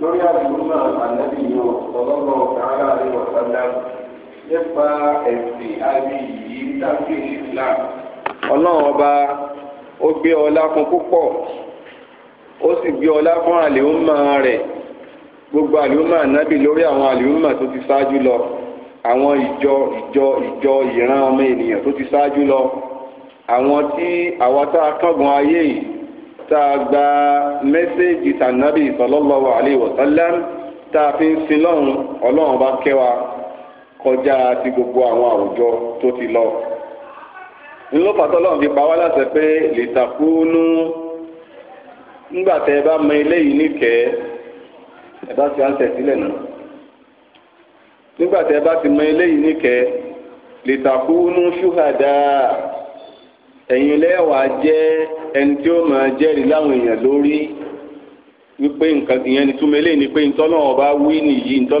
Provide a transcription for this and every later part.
lórí àdúgbò ànábì yìí ọ̀sọ̀lọ́gbọ̀ ọ̀gára rẹ̀ ọ̀sọ̀dá nípa ẹ̀sìn àbí yìí dábì Islam. ọlọ́run ọba ó gbé ọlá fún púpọ̀ ó sì gbé ọlá fún àlèhùnmá rẹ̀ gbogbo àlèhùnmá ànábì lórí àwọn àlèhùnmá tó ti ṣáájú lọ àwọn ìjọ ìjọ ìjọ ìran ọmọ ènìyàn tó ti ṣáájú lọ àwọn tí àwa tá a kángun ayé yìí ta a tànàbì sallallahu alaihi tá a fi ń sin lọ́run ọlọ́run bá kẹwa kọjá ti gbogbo àwọn àwùjọ tó ti lọ. ńlọ fàtọ́lọ́run fi pa wá láṣẹ pé lè takúnú ńgbà tẹ ẹ bá mọ eléyìí níkẹẹ ẹ bá ti sílẹ̀ nígbà ẹ̀yin lẹ́wàá jẹ́ ẹni tí ó máa jẹ́rìí láwọn èèyàn lórí wípé nǹkan ìyẹn ni túmọ̀ ni pé bá wí nìyí ntọ́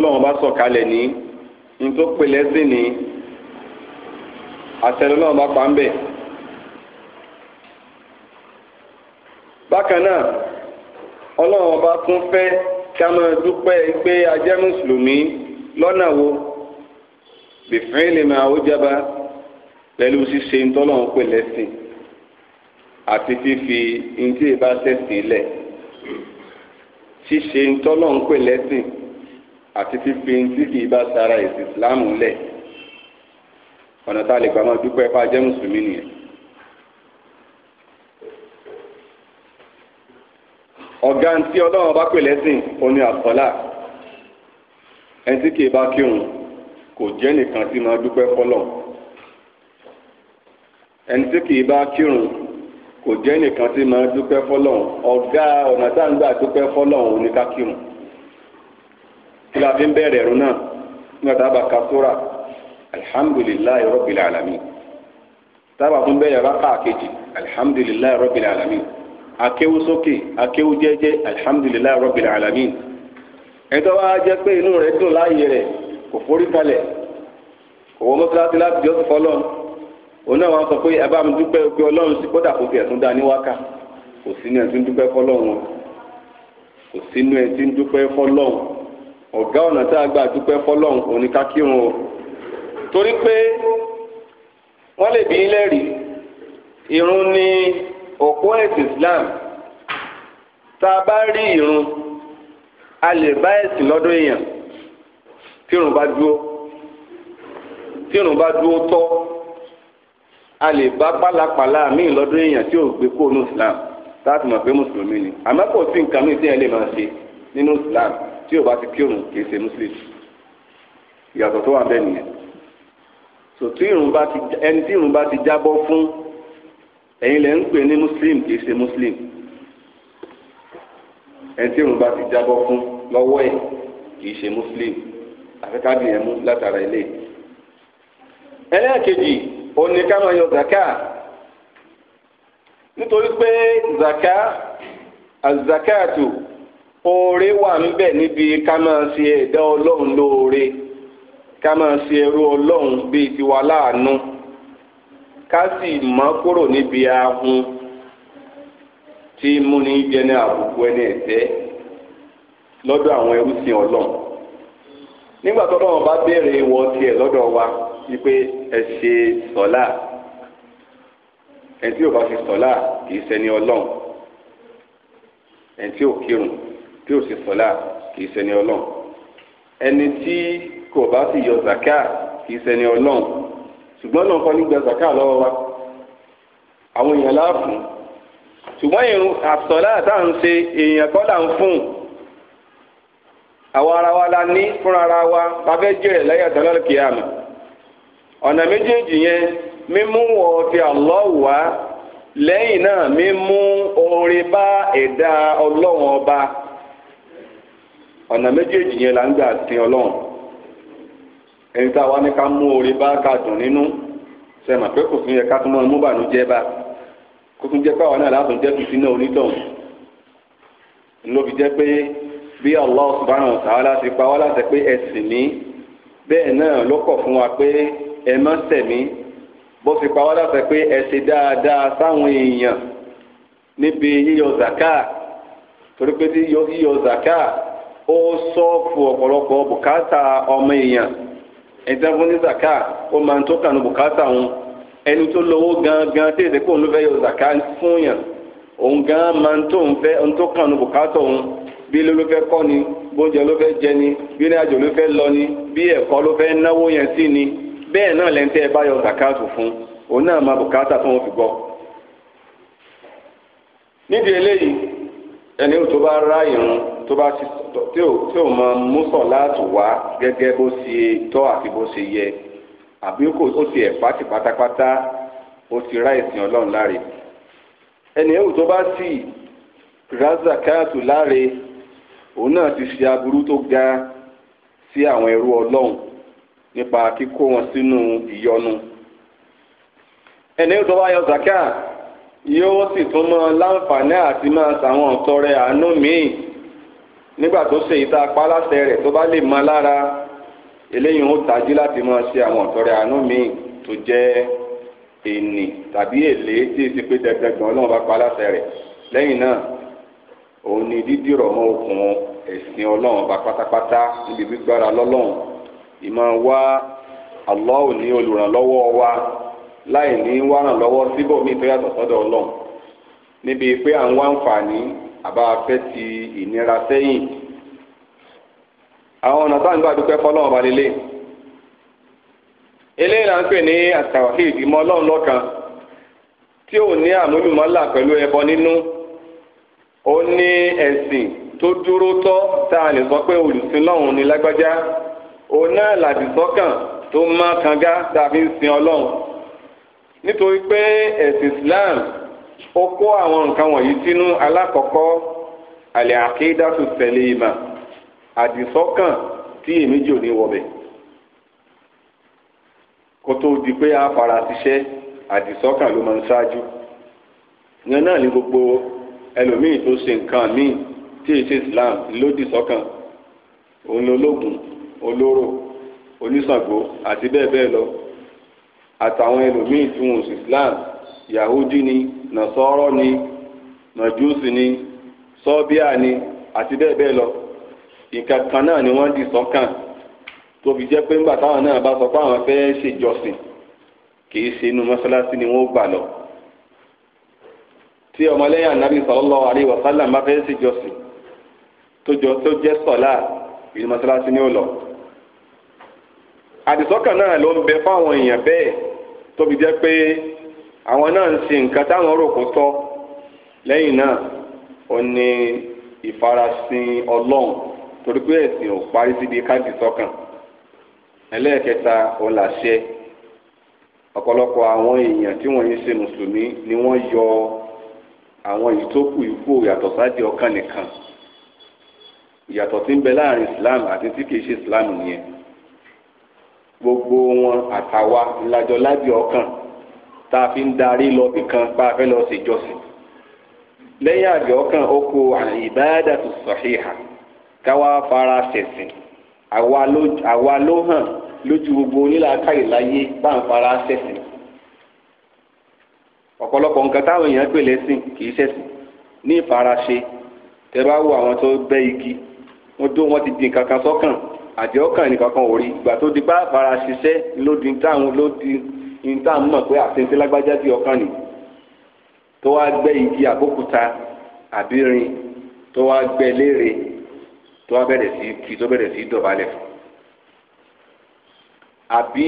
àtẹ̀lẹ́ náà bá pa ń bẹ̀. bákan náà bá tún fẹ́ kí a máa dúpẹ́ pé a mùsùlùmí lọ́nà wo bìfín lè máa ó jábá àti fífi ntí ìbá sẹ̀sìn lẹ̀ ṣíṣe ntọ́lọ̀ ń pè lẹ́sìn àti fífi ntí kì í bá sara ẹ̀sìn Islam lẹ̀ ọ̀nà tá a lè gbà máa dúpẹ́ fájẹ mùsùlùmí nìyẹn. ọ̀gá ntí ọlọ́run bá pè lẹ́sìn oní àsọ́là ẹni tí kì í bá kírun kò jẹ́ nìkan tí máa dúpẹ́ fọlọ́ ẹni tí kì í bá kírun kò jẹ́ nìkan tí máa dúpẹ́ fọlọ́hún ọ̀gá ọ̀nà tá à ń gbà dúpẹ́ fọlọ́hún ní kákìmù kí la fi ń bẹ̀rẹ̀ ẹ̀rù náà nígbà tá a bá ka sóra alihamudulilayi rọ́bìl alami tá a bá tún bẹ̀rẹ̀ rákà kejì alihamudulilayi rọ́bìl alami akéwú sókè akéwú jẹ́jẹ́ alihamudulilayi rọ́bìl alami ẹ̀tọ́ wa jẹ́ pé inú rẹ̀ dùn láàyè rẹ̀ kò forí kalẹ̀ kò wọ́n mọ́tíláṣí láti jọ́sí fọlọ́hún òun náà wọ́n sọ pé ẹ bá mi dúpẹ́ pé ọlọ́run sí kódà kó fi ẹ̀sùn dá ní wákà kò sínú ẹ̀ tí ń dúpẹ́ fọlọ́run kò sínú ẹ̀ tí ń dúpẹ́ fọlọ́run ọ̀gá ọ̀nà tá a gbà dúpẹ́ fọlọ́run òun ni ká kírun o torí pé wọ́n lè bí lẹ́rìí irun ni òpó ẹ̀sìn Islam tá a bá rí irun a lè bá ẹ̀sìn lọ́dọ̀ èèyàn tírun bá dúró tírun bá dúró tọ́ a lè bá pálapàla míì lọ́dún èèyàn tí ò gbé kó nù islam táàtì mọ̀ pé mùsùlùmí ni àmọ́ kò sí nǹkan míì téèyàn lè máa ṣe nínú islam tí ò bá ti kírun kì í ṣe muslim ìyàtọ̀ tó wà bẹ́ẹ̀ nìyẹn sòtú ìrun bá ti ẹni tí ìrun bá ti jábọ́ fún ẹ̀yin lẹ ń pè ní muslim kì í ṣe muslim ẹni tí ìrun bá ti jábọ́ fún lọ́wọ́ ẹ̀ kì í ṣe muslim àfikàbí mú látara ilé ẹlẹ́ẹ̀kejì ó ní ká máa yọ zaka nítorí pé zaka azakatu oore wà ń bẹ níbi ká máa ṣe ẹ̀dá ọlọ́run lóore ká máa ṣe ẹrú ọlọ́run bíi tiwa láàánú ká sì mọ́ kúrò níbi ahun tí múni jẹni àbùkù ẹni ẹ̀tẹ́ lọ́dọ̀ àwọn ẹrú sìn ọlọ́run nígbà tó lọ́wọ́ bá béèrè ìwọ tiẹ̀ lọ́dọ̀ wa wípé ẹ ṣe sọ́lá ẹni tí ò bá ṣe sọ́lá kì í ṣẹni ọlọ́run ẹni tí ò kírun tí ò ṣe sọ́lá kì í ṣẹni ọlọ́run ẹni tí kò bá sì yọ zaka kì í ṣẹni ọlọ́run ṣùgbọ́n náà kọ́ nígbà zaka lọ́wọ́ wa àwọn èèyàn láàfún ṣùgbọ́n ìrun àsọ̀lá tá à ń ṣe èèyàn kọ́ là ń fún un ara wa la ní fúnra ara wa bá fẹ́ jẹ́rẹ̀ láyé àtàlọ́lù kìí àmì ọ̀nà méjèèjì yẹn mímú wọ ti Allah wá lẹ́yìn náà mímú oriba bá ẹ̀dá ọba ọ̀nà méjèèjì yẹn là ń gbà sin ọlọ́run ẹni tá a wá ní ká mú n'inu bá ká dùn nínú sẹ́mà pé kò tún yẹ ká tún mọ́ ọmú bànújẹ́ bá kó tún jẹ́ náà látún jẹ́ tuntun náà ló fi jẹ́ pé bí ti pa láti pé ẹ̀sìn ẹ má ṣẹ̀mí bó fi pa pé dáadáa sáwọn èèyàn níbi yíyọ zaka torí pé tí yíyọ zaka ó sọ́ọ̀fù ọ̀pọ̀lọpọ̀ bùkátà ọmọ èèyàn ẹ̀dá fún ní zaka ó máa ń tó kànú bùkátà ẹni tó lówó gangan tí èdè kò ń fẹ́ yọ zaka fún yàn òun gan máa ń ni bóúnjẹ ló fẹ́ jẹ ni bí ní àjò ló lọ ni bí ẹ̀kọ́ ló fẹ́ náwó yẹn ni bẹ́ẹ̀ náà lente ẹ bá yọ zakaatu fún òun náà máa bùkátà tó wọn fi gbọ́. nídìí eléyìí ẹni tó bá rá irun tó bá ti tí ò tí ò láti wá gẹ́gẹ́ bó ṣe tọ́ àti bó ṣe yẹ àbí kò ó ti ẹ̀ pátì pátápátá ó ti rá ìsìn ọlọ́run láre ẹni ẹ̀wù tó bá sì rá zakaatu láre òun náà ti ṣe aburú tó ga sí àwọn ẹrú ọlọ́run. nípa kíkó wọn sínú ìyọnu ẹni tó bá yọ zaka yóò sì tún mọ láǹfààní àti máa ṣàwọn ọ̀tọrẹ àánú míì nígbà tó ṣe ìta paláṣẹ rẹ̀ tó bá lè mọ lára eléyìí ó tají láti máa ṣe àwọn ọ̀tọrẹ àánú míì tó jẹ́ ènì tàbí èlé tí èsì pé dandangan ọlọ́run bá paláṣẹ rẹ̀ lẹ́yìn náà òun ni dídìrọ̀ mọ́ okùn ẹ̀sìn ọlọ́run bá pátápátá níbi gbígbára lọ́lọ́run ìmọ̀ wá àlọ́ ní olùrànlọ́wọ́ wa láì ní wárànlọ́wọ́ síbòmíì tó yàtọ̀ sọ́dọ̀ ọlọ́run níbi pé à ń wá àbá fẹ́ ti ìnira sẹ́yìn àwọn ọ̀nà táwọn gbà dúpẹ́ fọlọ́run balẹ̀ lé eléyìí là ń pè ní àtàwáhìd ìmọ̀ ọlọ́run lọ́kan tí ẹbọ nínú ó ní ẹ̀sìn tó dúró tọ́ tá a lè sọ Ona náà làdìsọ́kàn tó má kanga tàbí ń sin ọlọ́run nítorí pé ẹ̀sìn Islam ó kó àwọn nǹkan wọ̀nyí sínú alákọ̀ọ́kọ́ àlẹ́ àkéédásù tẹ̀lé ìmà àdìsọ́kàn tí èmi jò ní wọ̀bẹ̀ kó tó di pé a fara ṣiṣẹ́ àdìsọ́kàn ló máa ń ṣáájú yẹn náà ní gbogbo ẹlòmíì tó ṣe nǹkan míì tí èsì Islam lòdì sọ́kàn òun lológun olóró oníṣàngó àti bẹ́ẹ̀ bẹ́ẹ̀ lọ àtàwọn ẹlòmíì tí wọn ò sí Islam Yahudi ni nasọ́rọ́ ni nàjúùsì ni sọ́bíà ni àti bẹ́ẹ̀ bẹ́ẹ̀ lọ nǹkan kan náà ni wọ́n di sọ́kàn tóbi jẹ́ pé ńgbà táwọn náà bá sọ pé àwọn fẹ́ ṣèjọsìn kì í ṣe inú mọ́ṣáláṣí ni wọ́n gbà lọ tí ọmọlẹ́yìn anabi sallallahu alaihi wasallam bá fẹ́ ṣèjọsìn tó jẹ́ sọ̀lá ìlú mọ́ṣáláṣí ni ó lọ. àdìsọ́kàn náà ló ń bẹ fáwọn èèyàn bẹ́ẹ̀ tóbi jẹ́ pé àwọn náà ń sin nǹkan táwọn rò kó tọ́ lẹ́yìn náà ó ní ìfarasin ọlọ́run torí pé ẹ̀sìn ò parí síbi káàdì sọ́kàn ẹlẹ́ẹ̀kẹta ọ̀làṣẹ ọ̀pọ̀lọpọ̀ àwọn èèyàn tí wọ́n yín ṣe mùsùlùmí ni wọ́n yọ àwọn ìtókù ikú yàtọ̀ sáàdì ọkàn nìkan ìyàtọ̀ tí ń bẹ láàrin Islam àti tí kìí ṣe Islam nìyẹn gbogbo wọn àtàwa làjọ lábì ọkàn tá a fi ń darí lọ ibìkan bá a fẹ́ lọ ṣèjọsìn lẹ́yìn àjọ ọkàn ó kó al-ibadatu sahiha káwá fara ṣẹ̀sìn àwa ló hàn lójú gbogbo onílàákàyè láyé bá ń fara ṣẹ̀sìn ọ̀pọ̀lọpọ̀ nǹkan táwọn èèyàn pè lẹ́sìn kì í ṣẹ̀sìn ní ìfaraṣe tẹ bá wo àwọn tó bẹ́ igi wọ́n dó wọ́n ti di nǹkan kan sọ́kàn àjẹ́ ọkàn nìkan kan ò rí ìgbà tó di bá fara ṣiṣẹ́ ló di táwọn ló di níta mọ̀ pé àtẹ̀ntẹ́ lágbájá di ọkàn nì tó wá gbẹ́ igi àbókúta àbírin tó wá gbẹ́ léèrè tó wá bẹ̀rẹ̀ sí kí tó bẹ̀rẹ̀ sí dọ̀bálẹ̀ fún àbí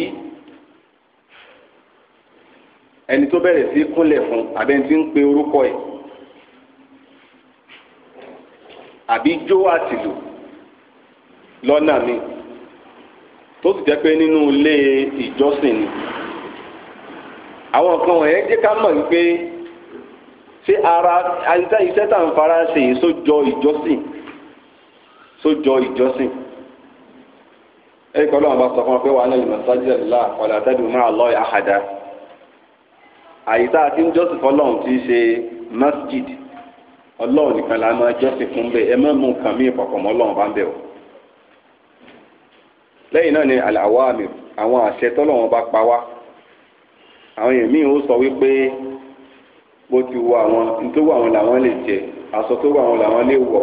ẹni tó bẹ̀rẹ̀ sí kúnlẹ̀ fún àbẹ́ni tí ń pe orúkọ ẹ̀ àbí jó àtìlù lọ́nà mi tó sì jẹ́ pé nínú ilé ìjọsìn ni àwọn kan wọ̀nyẹn jẹ́ ká mọ̀ wípé ṣé ara iṣẹ́ tá à ń fara ṣe yìí sójọ ìjọsìn sójọ ìjọsìn ẹ̀rí kọ́ lọ́wọ́n bá sọ fún ọ pé wàá lẹ́yìn mọ̀sájìlẹ̀ ńlá ọ̀là àtẹ́dùn máa lọ àhàdá àyíká àti ń jọ́sìn fọlọ́run ti ṣe masjid ọlọ́run nìkan la máa jọ́sìn fún bẹ́ẹ̀ ẹ má mú nǹkan mí ìpàkọ́mọ́ ọlọ́run bá ń bẹ̀ o lẹ́yìn náà ni al-awamir àwọn àṣẹ tọ́lọ́wọ́n bá pa wá àwọn èèyàn míì ó sọ wípé bó ti wọ àwọn nítorí àwọn làwọn lè jẹ aṣọ tó wọ àwọn làwọn lè wọ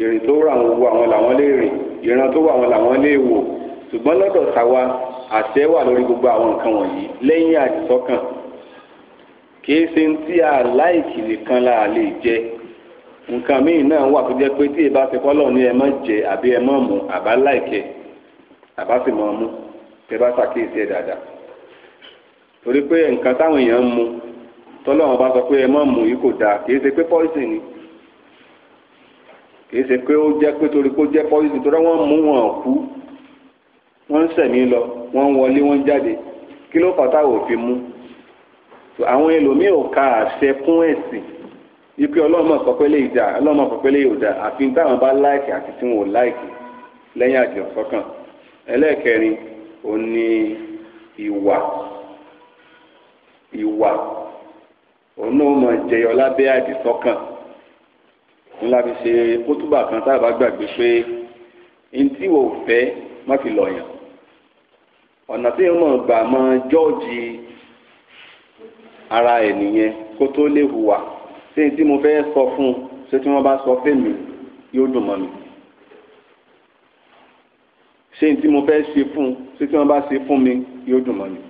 ìrìn tó wọ àwọn wọ àwọn làwọn lè rìn ìran tó wọ àwọn làwọn lè wò ṣùgbọ́n lọ́dọ̀ tàwa àṣẹ wà lórí gbogbo àwọn nǹkan wọ̀nyí lẹ́yìn àdìsọ́kàn kìí ṣe ń tí a láìkì nìkan la lè jẹ nǹkan míì náà wà tó jẹ́ pé tí ìbá ti kọ́ lọ́ọ̀ ní ẹ má jẹ àbí ẹ má mu àbá láìkẹ́ àbá sì máa mú tẹ́ bá ṣàkíyèsí ẹ̀ dáadáa torí pé nǹkan táwọn èèyàn ń mu tọ́lọ́wọ́n bá sọ pé ẹ má mu yìí kò dáa kì í ṣe pé poison ni kì í ṣe pé ó jẹ́ pé torí pé ó jẹ́ poison torí wọ́n mú wọn kú wọ́n ń sẹ̀mí lọ wọ́n ń wọlé wọ́n ń jáde kí ló fàtà òfin mú àwọn ẹlòmíì ò ka àṣẹ kún ẹ̀sìn ipe ọlọ́mọ pọ̀pẹ́lẹ́ ìdá ọlọ́mọ pọ̀pẹ́lẹ́ ìdá àfi táwọn bá láìkì àti tí wọn ò láìkì lẹ́yìn àjọ sọ́kàn ẹlẹ́ẹ̀kẹrin òun ni ìwà ìwà òun náà mọ̀ jẹyọ lábẹ́ àdìsọ́kàn ńlá fi ṣe kótóbà kan tá a bá gbàgbé pé ntí wò fẹ́ má fi lọ̀yàn ọ̀nà tí wọ́n gbà mọ́ jọ́ọ̀jì ara ẹ̀ kó tó lè hùwà ṣé tí mo fẹ́ sọ fún un ṣé tí wọ́n bá sọ fún mi yóò dùn mọ́ mi ṣé tí mo fẹ́ ṣe fún un ṣé tí wọ́n bá ṣe fún mi yóò dùn mọ́ mi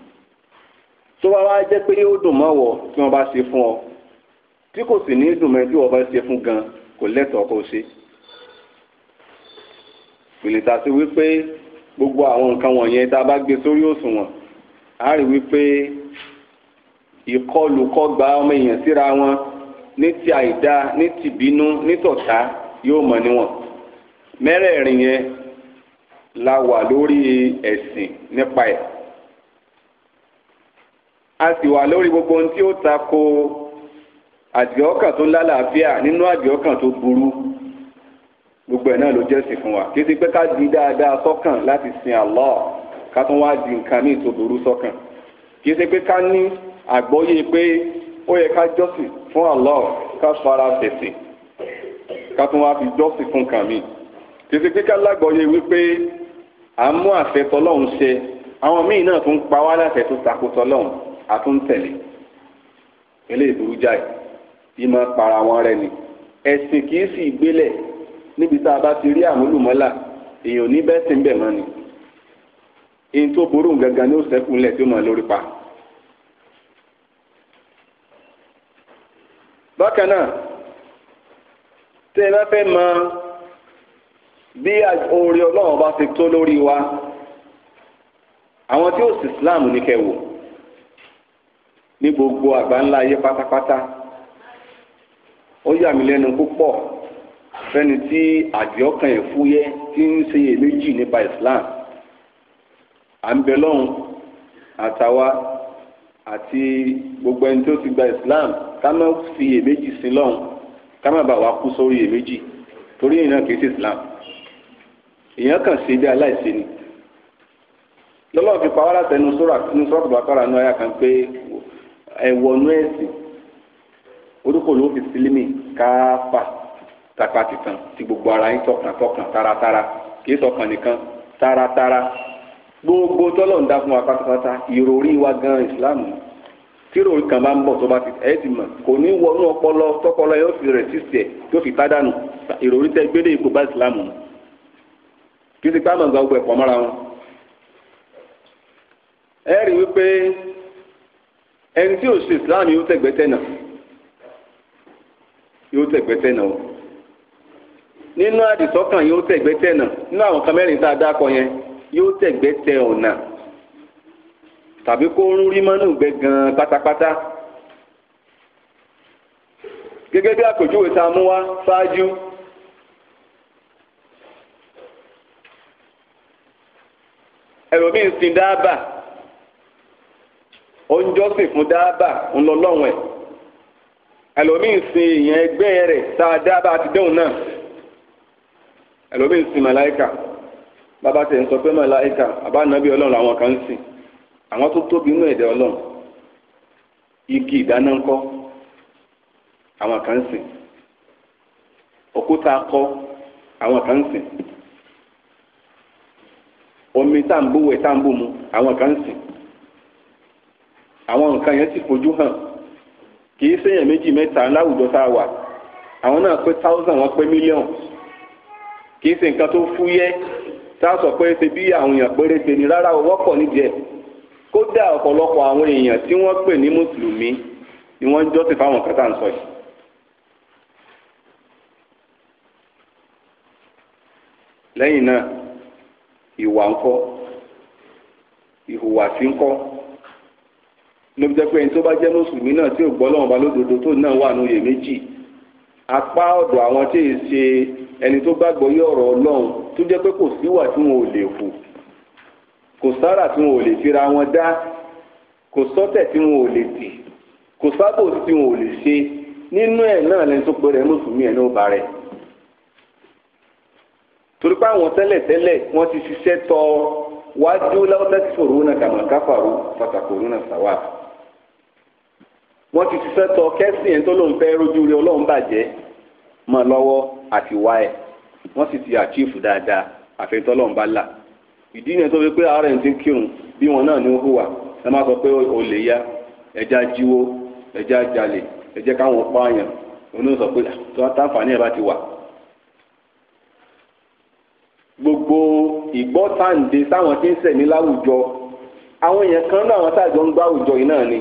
tó bá wá jẹ́ pé yóò dùn mọ́ wọ tí wọ́n bá ṣe fún ọ tí kò sì ní dùn mọ́ tí wọ́n bá ṣe fún gan kò lẹ́tọ̀ọ́ kó ṣe pèlèta sí wípé gbogbo àwọn nǹkan wọ̀nyẹn tá a bá gbé sórí òṣùwọ̀n a rí wípé ìkọlùkọgba ọmọ èèyàn síra wọn ní ti àìdá ní ti bínú ní tọ̀tá yóò mọ̀ níwọ̀n mẹ́rẹ̀ẹ̀rin yẹn la wà lórí ẹ̀sìn nípa ẹ̀ a sì wà lórí gbogbo ohun tí ó ta ko àdìọ́kàn tó lálàáfíà nínú àdìọ́kàn tó burú gbogbo ẹ̀ náà ló jẹ́sìn fún wa kí ti pé ká di dáadáa sọ́kàn láti sin Allah ká tún wá di nǹkan míì tó burú sọ́kàn kì í pé ká ní àgbọ́yé pé ó yẹ ká jọ́sìn fún Allah ká fara fèsì ká tún wá fi jọ́sìn fún nǹkan míì kì í pé ká lágbọ́yé wípé à ń mú àfẹ́tọ́ lọ́hùn ṣe àwọn míì náà tún pa wá láṣẹ tó takotọ́ lọ́hùn àtúntẹ̀lé eléyìí jáì bí máa para wọn rẹ ni ẹ̀sìn kì í sì gbélẹ̀ níbi tá a bá ti rí àmúlùmọ́là èèyàn ní bẹ́ẹ̀ sì ń bẹ̀ mọ́ ni ihun tó burú gangan ni ó sẹ́kùnlẹ̀ tí ó máa lórí pa. bákan náà tẹ́ ẹ bá fẹ́ máa bí oore ọlọ́run bá ti tó lórí wa àwọn tí ó sì islam ní kẹwò ní gbogbo àgbáńlá ayé pátápátá ó yà mí lẹ́nu púpọ̀ fẹ́ni tí àdìọ́kàn ẹ̀ fúyẹ́ ń ṣe èméjì nípa islam à ń bẹ lọ́hùn àtàwa àti gbogbo ẹni tó ti gba islam ká má fi èméjì sí lọ́hùn ká má bàa wá kú sórí èméjì torí ìyẹn náà ṣe islam. èèyàn kàn ṣe bí aláìsí ni lọ́lọ́ọ̀ fi pawọ́ láti ẹnu sọ́rọ̀ àti sọ́ọ̀tù bàkàrà ní ọ̀yà kan pé ẹ̀wọ̀nú ẹ̀sìn orúkọ ló fi sílímì káfà tàpá tìtàn ti gbogbo ara yín tọkàn tọkàn taratara kì í sọkàn nìkan taratara gbogbo tọ́lọ̀ ń dá fún wa pátápátá ìròrí wa gan ìsìláàmù tí ìròrí kan bá ń bọ̀ tó bá ti ẹ̀ ti mọ̀ kò ní wọnú ọpọlọ tọpọlọ yóò fi rẹ̀ sísè tó fi tá dànù ìròrí tẹ gbélé ipò bá ìsìláàmù mu. kí ti pàmò nǹkan gbogbo ẹ̀pọ̀ mọ́ra wọn. ẹ rí wípé ẹni tí ò ṣe Islam yóò tẹ̀gbẹ́tẹ̀ náà yóò tẹ̀gbẹ́tẹ̀ náà o nínú àdìsọ́kàn yóò tẹ̀gbẹ́tẹ̀ náà nínú àwọn kan mẹ́rin tá a dákọ yẹn yóò tẹ̀gbẹ́tẹ̀ ọ̀nà tàbí kó ń rí mọ́nú gbẹ gan pátápátá gẹ́gẹ́ bí àpèjúwe tá a mú wá ṣáájú. ẹlòmíín sin dáàbà oúnjọ́sìn fún dáàbà ńlọlọ́wọ̀n ẹ̀ ẹlòmíín sin ìyẹn ẹgbẹ́ rẹ̀ tá a dáàbà ti dẹ́hùn náà ẹlòmíín sin màláìkà bàbá tẹ̀ ń sọ pé màláìkà àbá nàbí ọlọ́run làwọn kan ń sìn àwọn tó tóbi inú ẹ̀dẹ̀ ọlọ́run igi ìdáná àwọn kan ń sìn òkúta akọ àwọn kan ń sìn. omi tá à ń mu àwọn kan ń sìn àwọn nǹkan yẹn sì fojú hàn kì í séèyàn méjì mẹ́ta láwùjọ tá a wà àwọn náà pé thousand wọn pé million kì í ṣe nǹkan tó fúyẹ́ tá a sọ pé ṣe bí àwọn èèyàn péréte ni rárá o wọ́pọ̀ nídìí kódà ọ̀pọ̀lọpọ̀ àwọn èèyàn tí wọ́n pè ní mùsùlùmí ni wọ́n ń jọ́sìn fáwọn kan tá à ń sọ yìí. lẹ́yìn náà ìwà ńkọ́ ìhùwàsí ńkọ́ ló jẹ́ pé ẹni tó bá jẹ́ mùsùlùmí náà tí ò gbọ́ lọ́wọ́ bá lódodo tó náà wà ní oyè méjì apá ọ̀dọ̀ àwọn tí ì ṣe ẹni tó gbàgbọ́ yé ọ̀rọ̀ ọlọ́run tó jẹ́ pé kò síwà tí wọn ò lè hù kò sára tí wọn ò lè fira wọn dá kò sọ́tẹ̀ tí wọn ò lè tì kò sábò tí wọn ò lè ṣe nínú ẹ̀ náà lẹni tó pé rẹ̀ mùsùlùmí ẹ̀ ní bá rẹ̀ torí pé àwọn tẹ́lẹ̀tẹ́lẹ̀ wọ́n ti ṣiṣẹ́ tọ wájú láwùjọ fòrò náà kàmá káfàrú fàtàkùrú náà sàwà wọ́n ti ṣiṣẹ́ tọ kẹ́sìn ẹ̀ tó lóun fẹ́ rojú rí ọlọ́run bàjẹ́ mọ́ lọ́wọ́ àti wá ẹ̀ wọ́n sì ti àchífù dáadáa àfẹ́tọ́ lọ́run bá là ìdí yẹn tó fi pé ara ẹ̀ ti ń kírun bí wọn náà ní ó hùwà ẹ má sọ pé olè ya ẹja jíwó ẹja jalè ẹjẹ káwọn pààyàn oníṣọ pé ah, tó gbogbo ìgbọ́tàǹde sáwọn tí ń sẹ̀mí láwùjọ àwọn èèyàn kan náà àwọn táàjọ ń gbá yìí náà ni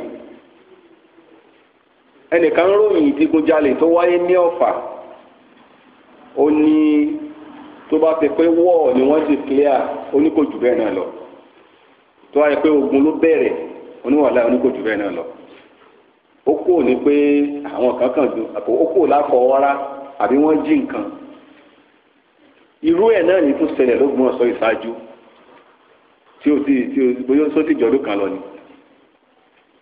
ẹnìkan ròyìn ìdigunjalè tó wáyé ní ọ̀fà ó ní tó bá ti pé wọ́ọ̀ ni wọ́n ti clear oníkòjù bẹ́ẹ̀ náà lọ tó wáyé pé ogun ló bẹ̀rẹ̀ oníwàlá oníkòjù bẹ́ẹ̀ náà lọ ó kò ní pé àwọn kan kàn ju ó kò lákọ̀ọ́ àbí wọ́n jí nǹkan irú ẹ̀ náà ní tún ṣẹlẹ̀ lógun ọ̀sọ́ ìṣáájú tí o ti tí o bóyá o ti jọdún kan lọ ni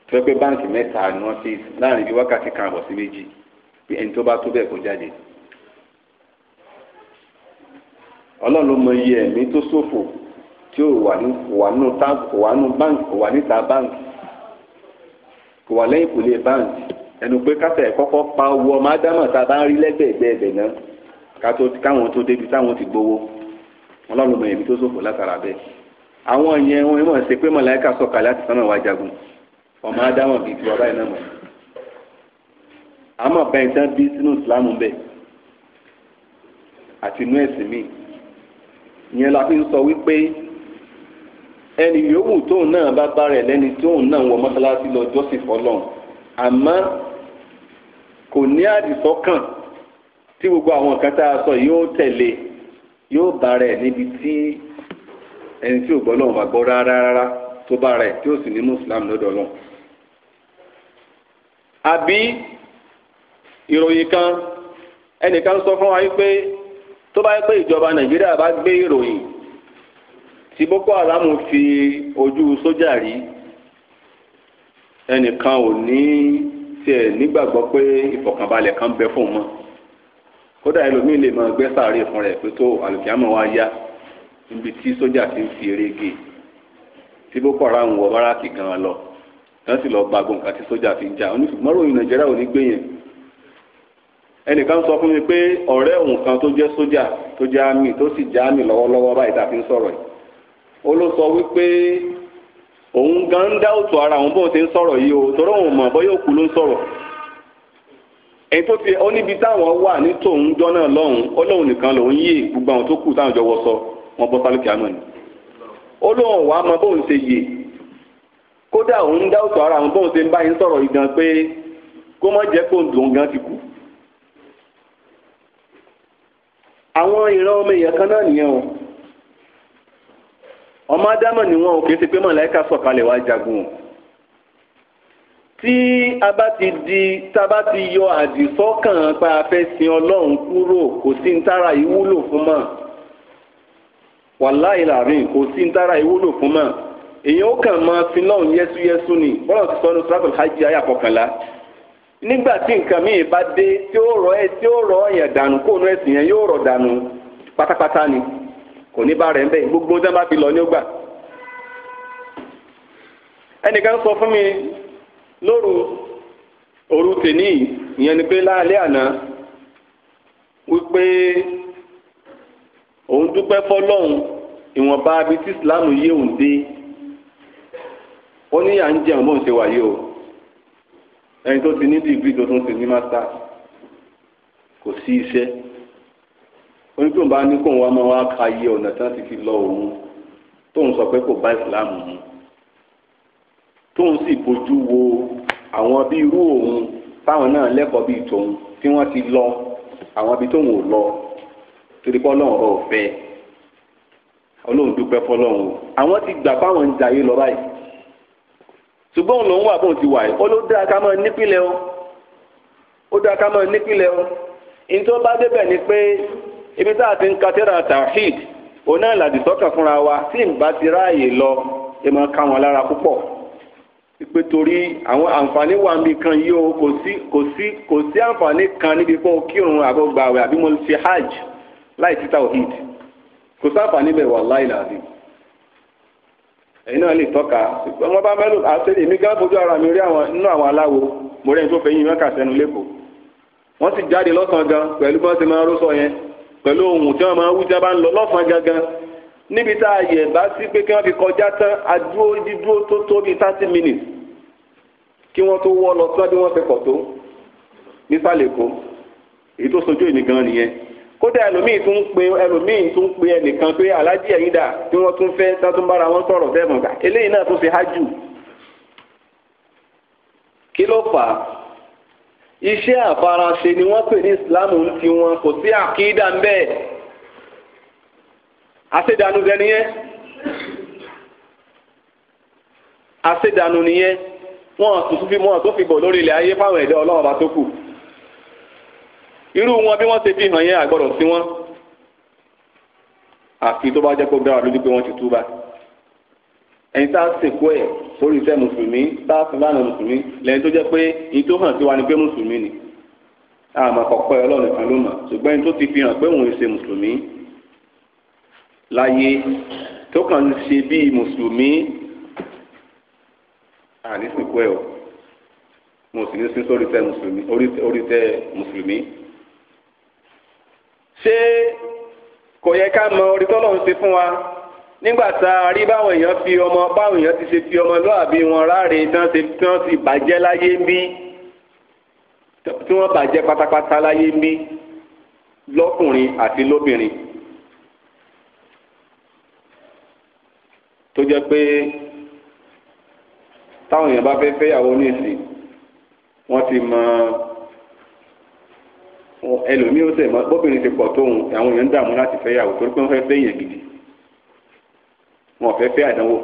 tó yẹ pé báǹkì mẹ́ta ni wọ́n fi láàrin bíi wákàtí kan àbọ̀ sí méjì pé ẹni tó bá tó bẹ́ẹ̀ kó jáde. ọlọ́run ló mọ iye ẹ̀mí tó ṣòfò tí ò wà ní wà nù táǹkì wà nù báǹkì kò wà níta báǹkì kò wà lẹ́yìn kò lè báǹkì ẹnu pé káfẹ́ kọ́kọ́ pa owó ọmọ ádámọ̀ tá a bá ń rí lẹ́gbẹ̀ẹ́gbẹ̀ẹ́ náà káwọn tó débi táwọn ti gbowó wọn lọ́nà ọmọ ẹ̀mí tó ṣòfò látara bẹ́ẹ̀ àwọn yẹn wọn mọ̀ ṣe pé mọ̀láyíkà sọ̀kà láti sánà wá jagun ọmọ adámọ̀ bíi ti bàbá iná mọ̀ àmọ́ bẹ́ẹ̀ tán bí sínú ìsìlámù bẹ́ẹ̀ àti inú ẹ̀sìn míì ìyẹn la fi ń sọ wípé ẹni yòówù tóun náà bá bá rẹ̀ lẹ́ni tóun náà wọ mọ́sálásí lọ jọ́sìn fọlọ́n àmọ́ kò ní àdìsọ́kàn tí gbogbo àwọn nǹkan tá a sọ yóò tẹ̀lé yóò bá rẹ̀ níbi tí ẹni tí ò gbọ́ lọ́wọ́ bá gbọ́ rárá rárá tó bá rẹ̀ tí ó sì ní mùsùlùmí lọ́dọ̀ náà. àbí ìròyìn kan ẹnìkan sọ fún wa pé tó bá yẹ pé ìjọba nàìjíríà bá gbé ìròyìn tí boko haram fi ojú sójà rí ẹnìkan ò ní tiẹ̀ nígbàgbọ́ pé ìfọ̀kànbalẹ̀ kan bẹ fún mọ́ kódà ẹlòmíín lè máa gbẹ́ sàárè fún rẹ̀ pé tó àlùkìyàmọ̀ wá yá níbi tí sójà ti ń fi eré gè tí boko haram wọ báràkì gan lọ wọ́n sì lọ gba gbọǹkà tí sójà fi ń jà oníṣùgbọ́n ròyìn nàìjíríà ò ní gbé yẹn ẹnìkan sọ fún mi pé ọ̀rẹ́ òun kan tó jẹ́ sójà tó jẹ́ àmì tó sì jẹ́ àmì lọ́wọ́lọ́wọ́ báyìí tá a fi ń sọ̀rọ̀ yìí ó ló sọ wípé òun gan ń dá òtò ara òun bó ti ń sọ̀rọ̀ yìí o torí òun mọ̀ bóyá òkú ló ń sọ̀rọ̀ èyí tó ti ó níbi táwọn wà ní tòun jọ náà lọ́hùn ó nìkan gbogbo àwọn tó kù táwọn jọ wọ sọ wọn bọ́ sálùkì ni ó wàá mọ bóun ṣe yè kódà òun ara àwọn bóun ṣe ń bá yín sọ̀rọ̀ yìí gan pé kó mọ̀ jẹ́ kó lòun gan ti kú. àwọn ìran ọmọ èèyàn kan náà nìyẹn o ọmọ adámọ̀ ni wọn ò pé mọ̀láìka sọ̀kalẹ̀ tí a bá ti di tá a bá ti yọ àdìsọ́kàn pa afẹ́ sin ọlọ́run kúrò kò sí ń tára ìwúlò fún mọ́ wàláì làárín kò sí ń tára ìwúlò fún mọ́ èèyàn ó kàn máa sin lọ́run yẹ́súyẹ́sú ni bọ́lá ti sọ ní sọ́kàn hajj ayé àkọkànlá nígbà tí nǹkan míì bá dé tí ó rọ ẹ tí ó rọ ẹ̀yàn dànù kó nu ẹ̀sìn yẹn yóò rọ̀ dànù pátápátá ni kò ní bá rẹ̀ ń bẹ́ẹ̀ gbogbo dáná bá fi lọ ní ó gbà ẹnìkan sọ fún mi lóru òru tèní ìyẹn ni pé láàlẹ́ àná wípé òun dúpẹ́ fọlọ́hún ìwọ̀nba abi tí islam yé òun dé ó ní à ń jẹun bóun ṣe wáyé o ẹni tó ti ní dìgírì tó tún ti ní mástà kò sí iṣẹ́ onígbòǹba ní kóun wá máa wá ka iye ọ̀nà tí wọ́n ti fi lọ òun tóun sọ pé kò bá islam mu tóun sì bójú wo àwọn bí irú òun táwọn náà lẹ́kọ̀ọ́ bíi tòun tí wọ́n ti lọ àwọn ibi tóun ò lọ torí pé ọlọ́run ọ̀rọ̀ ọ̀fẹ́ ọlọ́run dúpẹ́ fọlọ́run o àwọn ti gbà fáwọn ń jayé lọ báyìí ṣùgbọ́n òun lòun wà bóun ti wà yìí ó ló dáa ká máa nípìnlẹ̀ o ó dáa ká máa nípìnlẹ̀ o ìtọ́ bá débẹ̀ ni pé ibi tá a ti ń katẹ́ra tawhid òun náà làdìsọ́kàn fúnra wa tí ìgbà ti ráàyè lọ ẹ máa ká wọn lára púpọ̀. pé torí àwọn àǹfààní wà kan yi o kò sí kò sí kò sí àǹfààní kan níbi pé o kírun àbọ̀gbàwẹ̀ àbí mo hajj láì títà òhìd kò sáǹfààní bẹ̀ wà láì làbí ẹ̀yin náà lè tọ́ka wọ́n bá mẹ́lò àti èmi gán ara mi rí àwọn nínú àwọn aláwo mo rẹ́ni tó fẹ́yìn mẹ́ka sẹ́nu lẹ́kọ̀ọ́ wọ́n sì jáde lọ́sàn gan pẹ̀lú bí wọ́n ti máa rọ́sọ yẹn pẹ̀lú ohun tí wọ́n máa wú tí wọ́n bá ń lọ lọ́sàn kí wọ́n tó wọ́ lọ síwájú wọn ti pọ̀ tó nísàlẹ̀ kó èyí tó sojú èmi gan nìyẹn kódà ẹlòmíì tún pe ẹlòmíì tún pe ẹnìkan pé alájí ẹ̀yìn dà tí wọ́n tún fẹ́ tátún wọn sọ̀rọ̀ bẹ́ẹ̀ mọ̀gbà eléyìí náà tún fi hájù kí ló fà á iṣẹ́ àfaraṣe ni wọ́n pè ní ìsìláàmù ń ti wọn kò sí àkídà ń bẹ́ẹ̀ àṣedànù nìyẹn àṣedànù nìyẹn wọn tuntun fi wọn tó fi bọ̀ lórí ilẹ̀ ayé fáwọn ẹ̀dá ọlọ́run bá tó kù irú wọn bí wọ́n ṣe fi hàn yẹn àgbọ̀dọ̀ sí wọn àfi tó bá jẹ́ kó dára lójú pé wọ́n ti túbà ẹni tá a sèkú ẹ̀ sórí iṣẹ́ mùsùlùmí tá a fi lánà mùsùlùmí lẹ́yìn tó jẹ́ pé ní tó hàn sí wa ni pé mùsùlùmí ni àmọ́ kọ̀ọ̀kọ́ ẹ ọlọ́run kan ló mọ̀ ṣùgbọ́n ẹni tó ti fi hàn pé òun ṣe mùsùlùmí láyé tó kàn ń ṣe bíi mùsùlùmí àní sìnkú ẹ o mo sì ní sísọ orí tẹ mùsùlùmí orí tẹ mùsùlùmí ṣé kò yẹ ká mọ orí tọ́lọ̀ ń ṣe fún wa nígbà tá a rí báwọn èèyàn fi ọmọ báwọn èèyàn ti ṣe fi ọmọ lọ́àbí wọn ráre tán ṣe tí wọ́n ti bàjẹ́ láyé ń bí tí wọ́n bàjẹ́ pátápátá láyé ń bí lọ́kùnrin àti lóbìnrin tó jẹ́ pé táwọn èèyàn bá fẹ́ fẹ́yàwó ní ìsìn wọ́n ti mọ ẹlòmíín ó sẹ̀ mọ́ bóbìnrin ti pọ̀ tóun àwọn èèyàn ń dààmú láti fẹ́yàwó torí pé wọ́n fẹ́ fẹ́ èèyàn gidi wọn fẹ́ fẹ́ àdánwò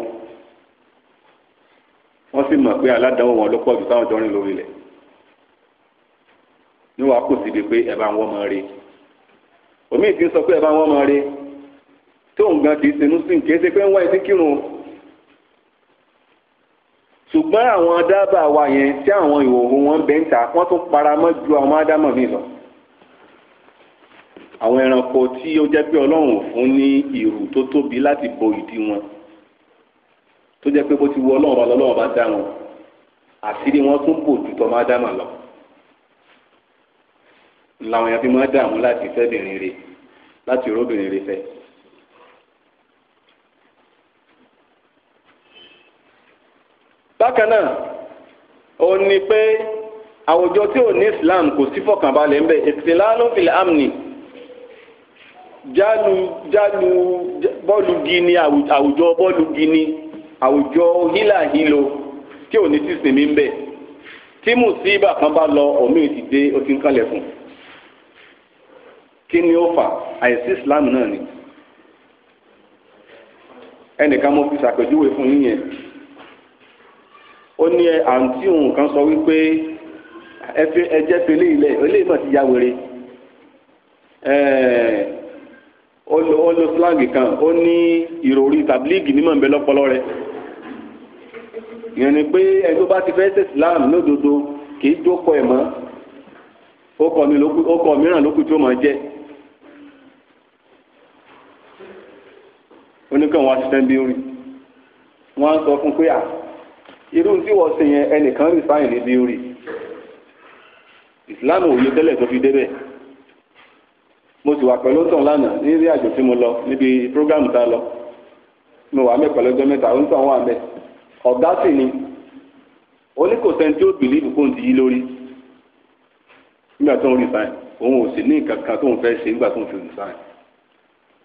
wọ́n sì mọ̀ pé aládánwò wọn ló pọ̀ jù táwọn jọrin lórí ilẹ̀ níwàá kò síbi pé ẹ bá ń wọ́n mọ́ rí omi ìdí sọ pé ẹ bá ń wọ́n mọ́ rí tóun gan kì í ṣe muslim kì í ṣe pé ń wá ẹtí kírun ṣùgbọ́n àwọn dábàá wa yẹn tí àwọn ìhòòhò wọn bẹ́ ń ta wọ́n tún para mọ́ ju àwọn ádámọ̀ mi lọ àwọn ẹranko tí ó jẹ́ pé ọlọ́run ò fún ní ìrù tó tóbi láti bo ìdí wọn tó jẹ́ pé bó ti wọ ọlọ́run ọlọ́run bá dá wọn àṣírí wọn tún bò ju tọmọ ádámà lọ làwọn yẹn fi máa dààmú láti fẹ́ bìnrin rẹ̀ láti róbìnrin rẹ̀ fẹ́. bákan náà ó ní pé àwùjọ tí ò ní islam kò sí fọkànbalẹ̀ ń bẹ ìsìnlá ló fi amni jálu jálu bọ́ọ̀lù gini àwùjọ bọ́ọ̀lù gini àwùjọ hílàhílo tí ò ní sísìnmi ń bẹ tí mùsíbà kan bá lọ omi ti dé ó ti ń kalẹ̀ fún kí ni ó fà àìsí islam náà ni ẹnìkan mo fi ṣàpèjúwe fún yín yẹn ó ní ẹ eh, àǹtí òun kan sọ wípé ẹjẹ fi ilé ilẹ̀ ilé náà ti ya wèrè eh, ó lo slang kan ó ní ìròrí tàbílíìgì nímọ̀ nbẹ lọ́pọlọ rẹ̀ ìyẹn ni pé ẹni tó bá ti fẹ́ ṣe Islam lódodo kì í dókọ ẹ̀ mọ́ ó kọ mìíràn lókù tí ó máa jẹ́ oníkan wọn ti tẹ́ ń bí orin wọn á sọ fún pé à irú tí wọ́n ṣe yẹn ẹnìkan rí fáyìn níbi orí ìsìláàmù òye tẹ́lẹ̀ tó fi débẹ̀ mo sì wà pẹ̀lú tán lánàá ní ilé àjò tí mo lọ níbi prógámù tá a lọ mo wà mẹ́ pẹ̀lú mẹ́ta ó ń tàn wà mẹ́ ọ̀gá sì ni ó ní kò sẹ́ni tí ó bìlíìfù kó ń ti yí lórí nígbà tó ń rí fáyìn òun ò sì ní nǹkan kan tó ń fẹ́ ṣe nígbà tó ń fi rí fáyìn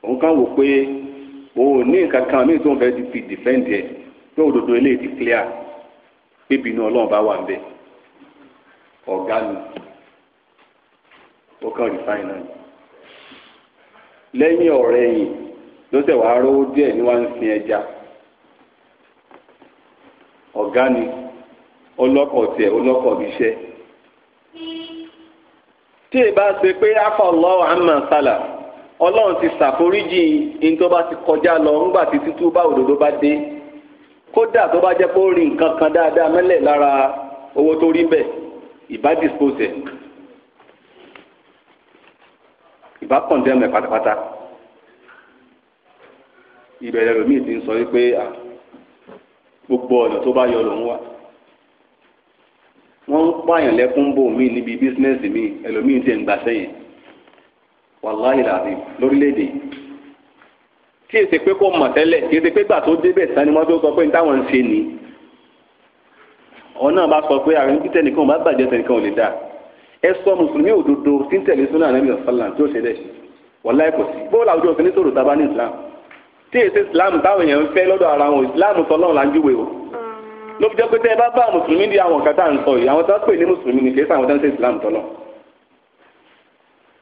òun kàn wò pé òun ò ní nǹkan kan míì tó ń fẹ́ fi dìfẹ́ǹdì ẹ̀ tó òdodo eléyìí ti clear bíbí inú ọlọ́run bá wà nbẹ ọ̀gá ni ó kàn rí fáìn náà lẹ́yìn ọ̀rẹ́ yìí ló tẹ̀ wá rówó díẹ̀ ní wá ń sin ẹja ọ̀gá ni ọlọ́kọ̀ tiẹ̀ ọlọ́kọ̀ bí iṣẹ́ tí ì bá ṣe pé afa ọlọ́wọ́ àmà sálà ọlọ́run ti ṣàforíjì ní tó bá ti kọjá lọ ńgbà tí títú bá òdodo bá dé. kódà tó bá jẹ́ pé ó rí nǹkan kan dáadáa mẹ́lẹ̀ lára owó tó rí bẹ́ẹ̀ ìbá dispose ẹ̀ ìbá condemn ẹ̀ pátápátá ìbẹ̀rẹ̀ lómi ti ń sọ wípé gbogbo ọ̀nà tó bá yọ lòun wá wọ́n ń pààyàn lẹ́kún bò mí níbi bísínẹ́sì mi ẹlòmíì tẹ̀ ń gbà sẹ́yìn wàláhìlà lórílẹ̀‐èdè tí èsè pé kò mọ̀ tẹ́lẹ̀ tí èsè pé gbà tó débẹ̀ sani wọ́n tó sọ pé táwọn ń ṣe ni ọ̀ náà bá sọ pé àrùn títẹ̀ nìkan bá bàjẹ́ tẹ̀nìkan ò lè dà ẹ sọ mùsùlùmí òdodo tí ń tẹ̀lé súnà nàbì sàlám tí ó ṣe dẹ̀ wàláì kò sí bó làwùjọ sí nítorí tàbá ní islam tí èsè islam táwọn èèyàn ń fẹ́ lọ́dọ̀ ara wọn islam tọ́lọ́run là ń júwe o ló fi jẹ́ pé tẹ́ ẹ bá bá mùsùlùmí di àwọn kàtà ń sọ yìí àwọn tó pè ní mùsùlùmí ni kìí sàwọn tó ń ṣe islam tọ́lọ̀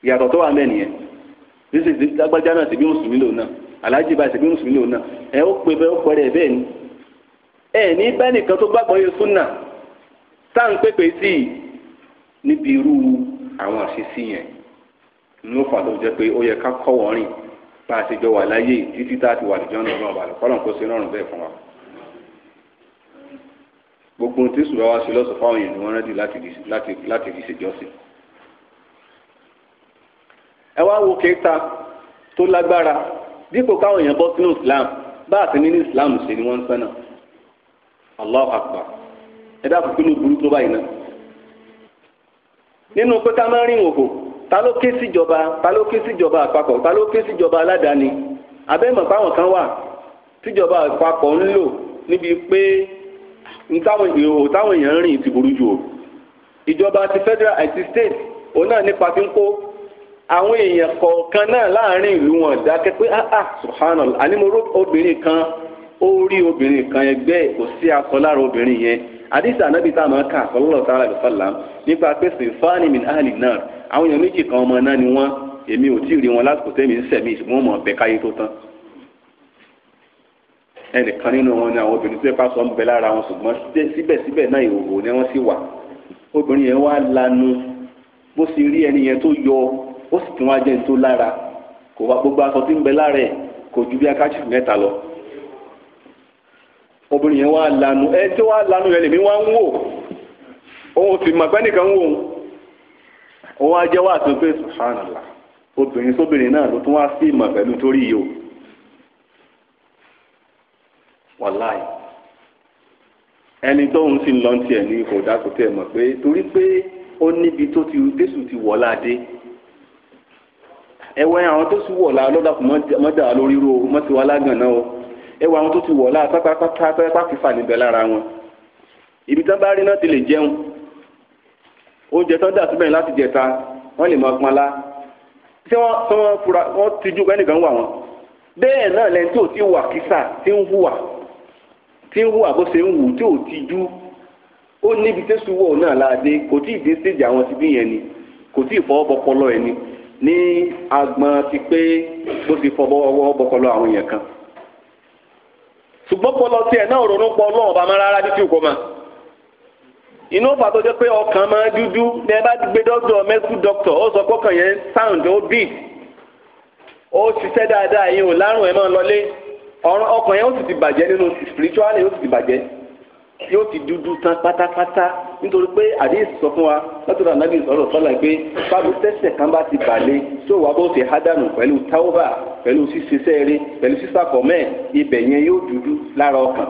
ìyàtọ̀ tó wà mẹ́nìyẹn ní sì ti agbájá náà aláàjì bá ṣègbè mùsùlùmí lòun náà ẹ ó pe bẹ́ẹ̀ ó pọ̀ rẹ̀ bẹ́ẹ̀ ni ẹ ní bẹ́ẹ̀ nìkan tó gbàgbọ́ yẹ súnà tá à ń pèpè sí i níbi irú àwọn àṣìṣe yẹn ní ó fà ló jẹ́ pé ó yẹ ká kọ́ wọ́n rìn bá a ṣe jọ wà láyé títí tá a ti wà lójọ́ náà lọ́wọ́ balẹ̀ kọ́lọ̀ kó ṣe lọ́rùn bẹ́ẹ̀ fún wa gbogbo ohun tí sùnà wá ṣe lọ́sọ̀ fáwọn èèyàn ni wọ́n rẹ́dì láti fi ṣèjọ́sìn ẹ wá wo kéta tó lágbára dípò káwọn èèyàn bọ́ sínú islam bá a ti islam ṣe ni wọ́n ń sánà allah akbar ẹ dákun kí ló burú tó báyìí náà nínú pé ká máa rìn òfò ta ló ké síjọba ta ló ké síjọba àpapọ̀ ta ló ké síjọba aládàáni abẹ́mọ̀ báwọn kan wà tíjọba àpapọ̀ ń lò níbi pé ntáwọn ìhò táwọn èèyàn ń rìn ti burú jù o ìjọba ti federal àti state òun náà nípa ti ń kó àwọn èèyàn kọ̀ọ̀kan náà láàrin ìlú wọn dákẹ́ pé ah ah subhanallah ànímọ̀ró obìnrin kan ó rí obìnrin kan ẹgbẹ́ kò sí aṣọ lára obìnrin yẹn àdìsí ànábì tá a máa kà sallallahu alaihi wasallam nípa pé sinfani min ahli nar àwọn èèyàn méjì kan ọmọ náà ni wọ́n èmi ò tí ì rí wọn lásìkò tẹ́mi ń sẹ̀mí ìṣùgbọ́n mọ̀ ọ̀bẹ káyé tó tán ẹnìkan nínú wọn ni àwọn obìnrin tó yẹ pásọ ń bẹ lára wọn ṣùgbọ́n síbẹ̀síbẹ̀ náà ìhòòhò ni wọ́n sì wà obìnrin yẹn wá lanu bó sì rí ẹni yẹn tó yọ ó sì tún wá jẹ́ ní tó lára kò wá gbogbo aṣọ tí ń bẹ lára ẹ̀ kò ju bí mẹ́ta lọ obìnrin yẹn wá lanu ẹ tí wá lanu yẹn lèmi wá ń wò òun sì mọ̀ pé ń wò òun òun jẹ́ wá àti pé subhanallah obìnrin sóbìnrin náà ló tún wá sí ìmọ̀ pẹ̀lú torí yìí o wàláì ẹni tóun sì ń lọ tiẹ̀ ní kò mọ̀ pé torí pé ó níbi tó ti ti ẹwẹ àwọn tó ti wọ̀ la lọ́dàkùn mọ́jà lórí ro mọ́tì wa lágàn náà o ẹwẹ àwọn tó ti wọ̀ la pátápátá fífà níbẹ̀ lára wọn ibi tán bá rí náà ti lè jẹun oúnjẹ tán dà síbẹ̀ láti jẹta wọ́n lè máa pọn la tí wọ́n tí wọ́n fura wọ́n ti ju ẹnìkan wà wọn bẹ́ẹ̀ náà lẹ́ni tí ò ti wà kísà tí ń hùwà tí ń hùwà bó ṣe ń wù tí ò ti ju ó níbi tẹ́sùwọ̀ náà láadé kò tí ì dé stage àwọn ti bí yẹn ni kò tí ì fọwọ́ bọ́ pọlọ yẹn ni ní agbọn ti pé bó ti fọ ọwọ́ bọ́kọlọ àwọn èèyàn kan ṣùgbọ́n pọlọ tiẹ̀ náà ronú pọ ọlọ́run bá máa rárá ní tí ò kọ́ máa inú ọ̀fà tó jẹ́ pé ọkàn máa dúdú ní ẹ bá gbé dọ́kítọ̀ mẹ́sùn dọ́kítọ̀ ó sọ pọ́kàn yẹn sound ó bì ó ṣiṣẹ́ dáadáa yìí ò lárùn ẹ̀ máa lọlé ọkàn yẹn ó sì ti bàjẹ́ nínú spiritually ó sì ti bàjẹ́ yóò ti dúdú tán pátápátá nítorí pé àdéhùn sọ fún wa látọ̀dọ̀ ànábì sọ̀rọ̀ sọ́la pé fábù tẹ́sẹ̀ kan bá ti bàlẹ̀ tó wà bó ṣe hádànù pẹ̀lú táwọ́bà pẹ̀lú ṣíṣe sẹ́ẹ̀rẹ́ pẹ̀lú sísàkọ̀mẹ́ ibẹ̀ yẹn yóò dúdú lára ọkàn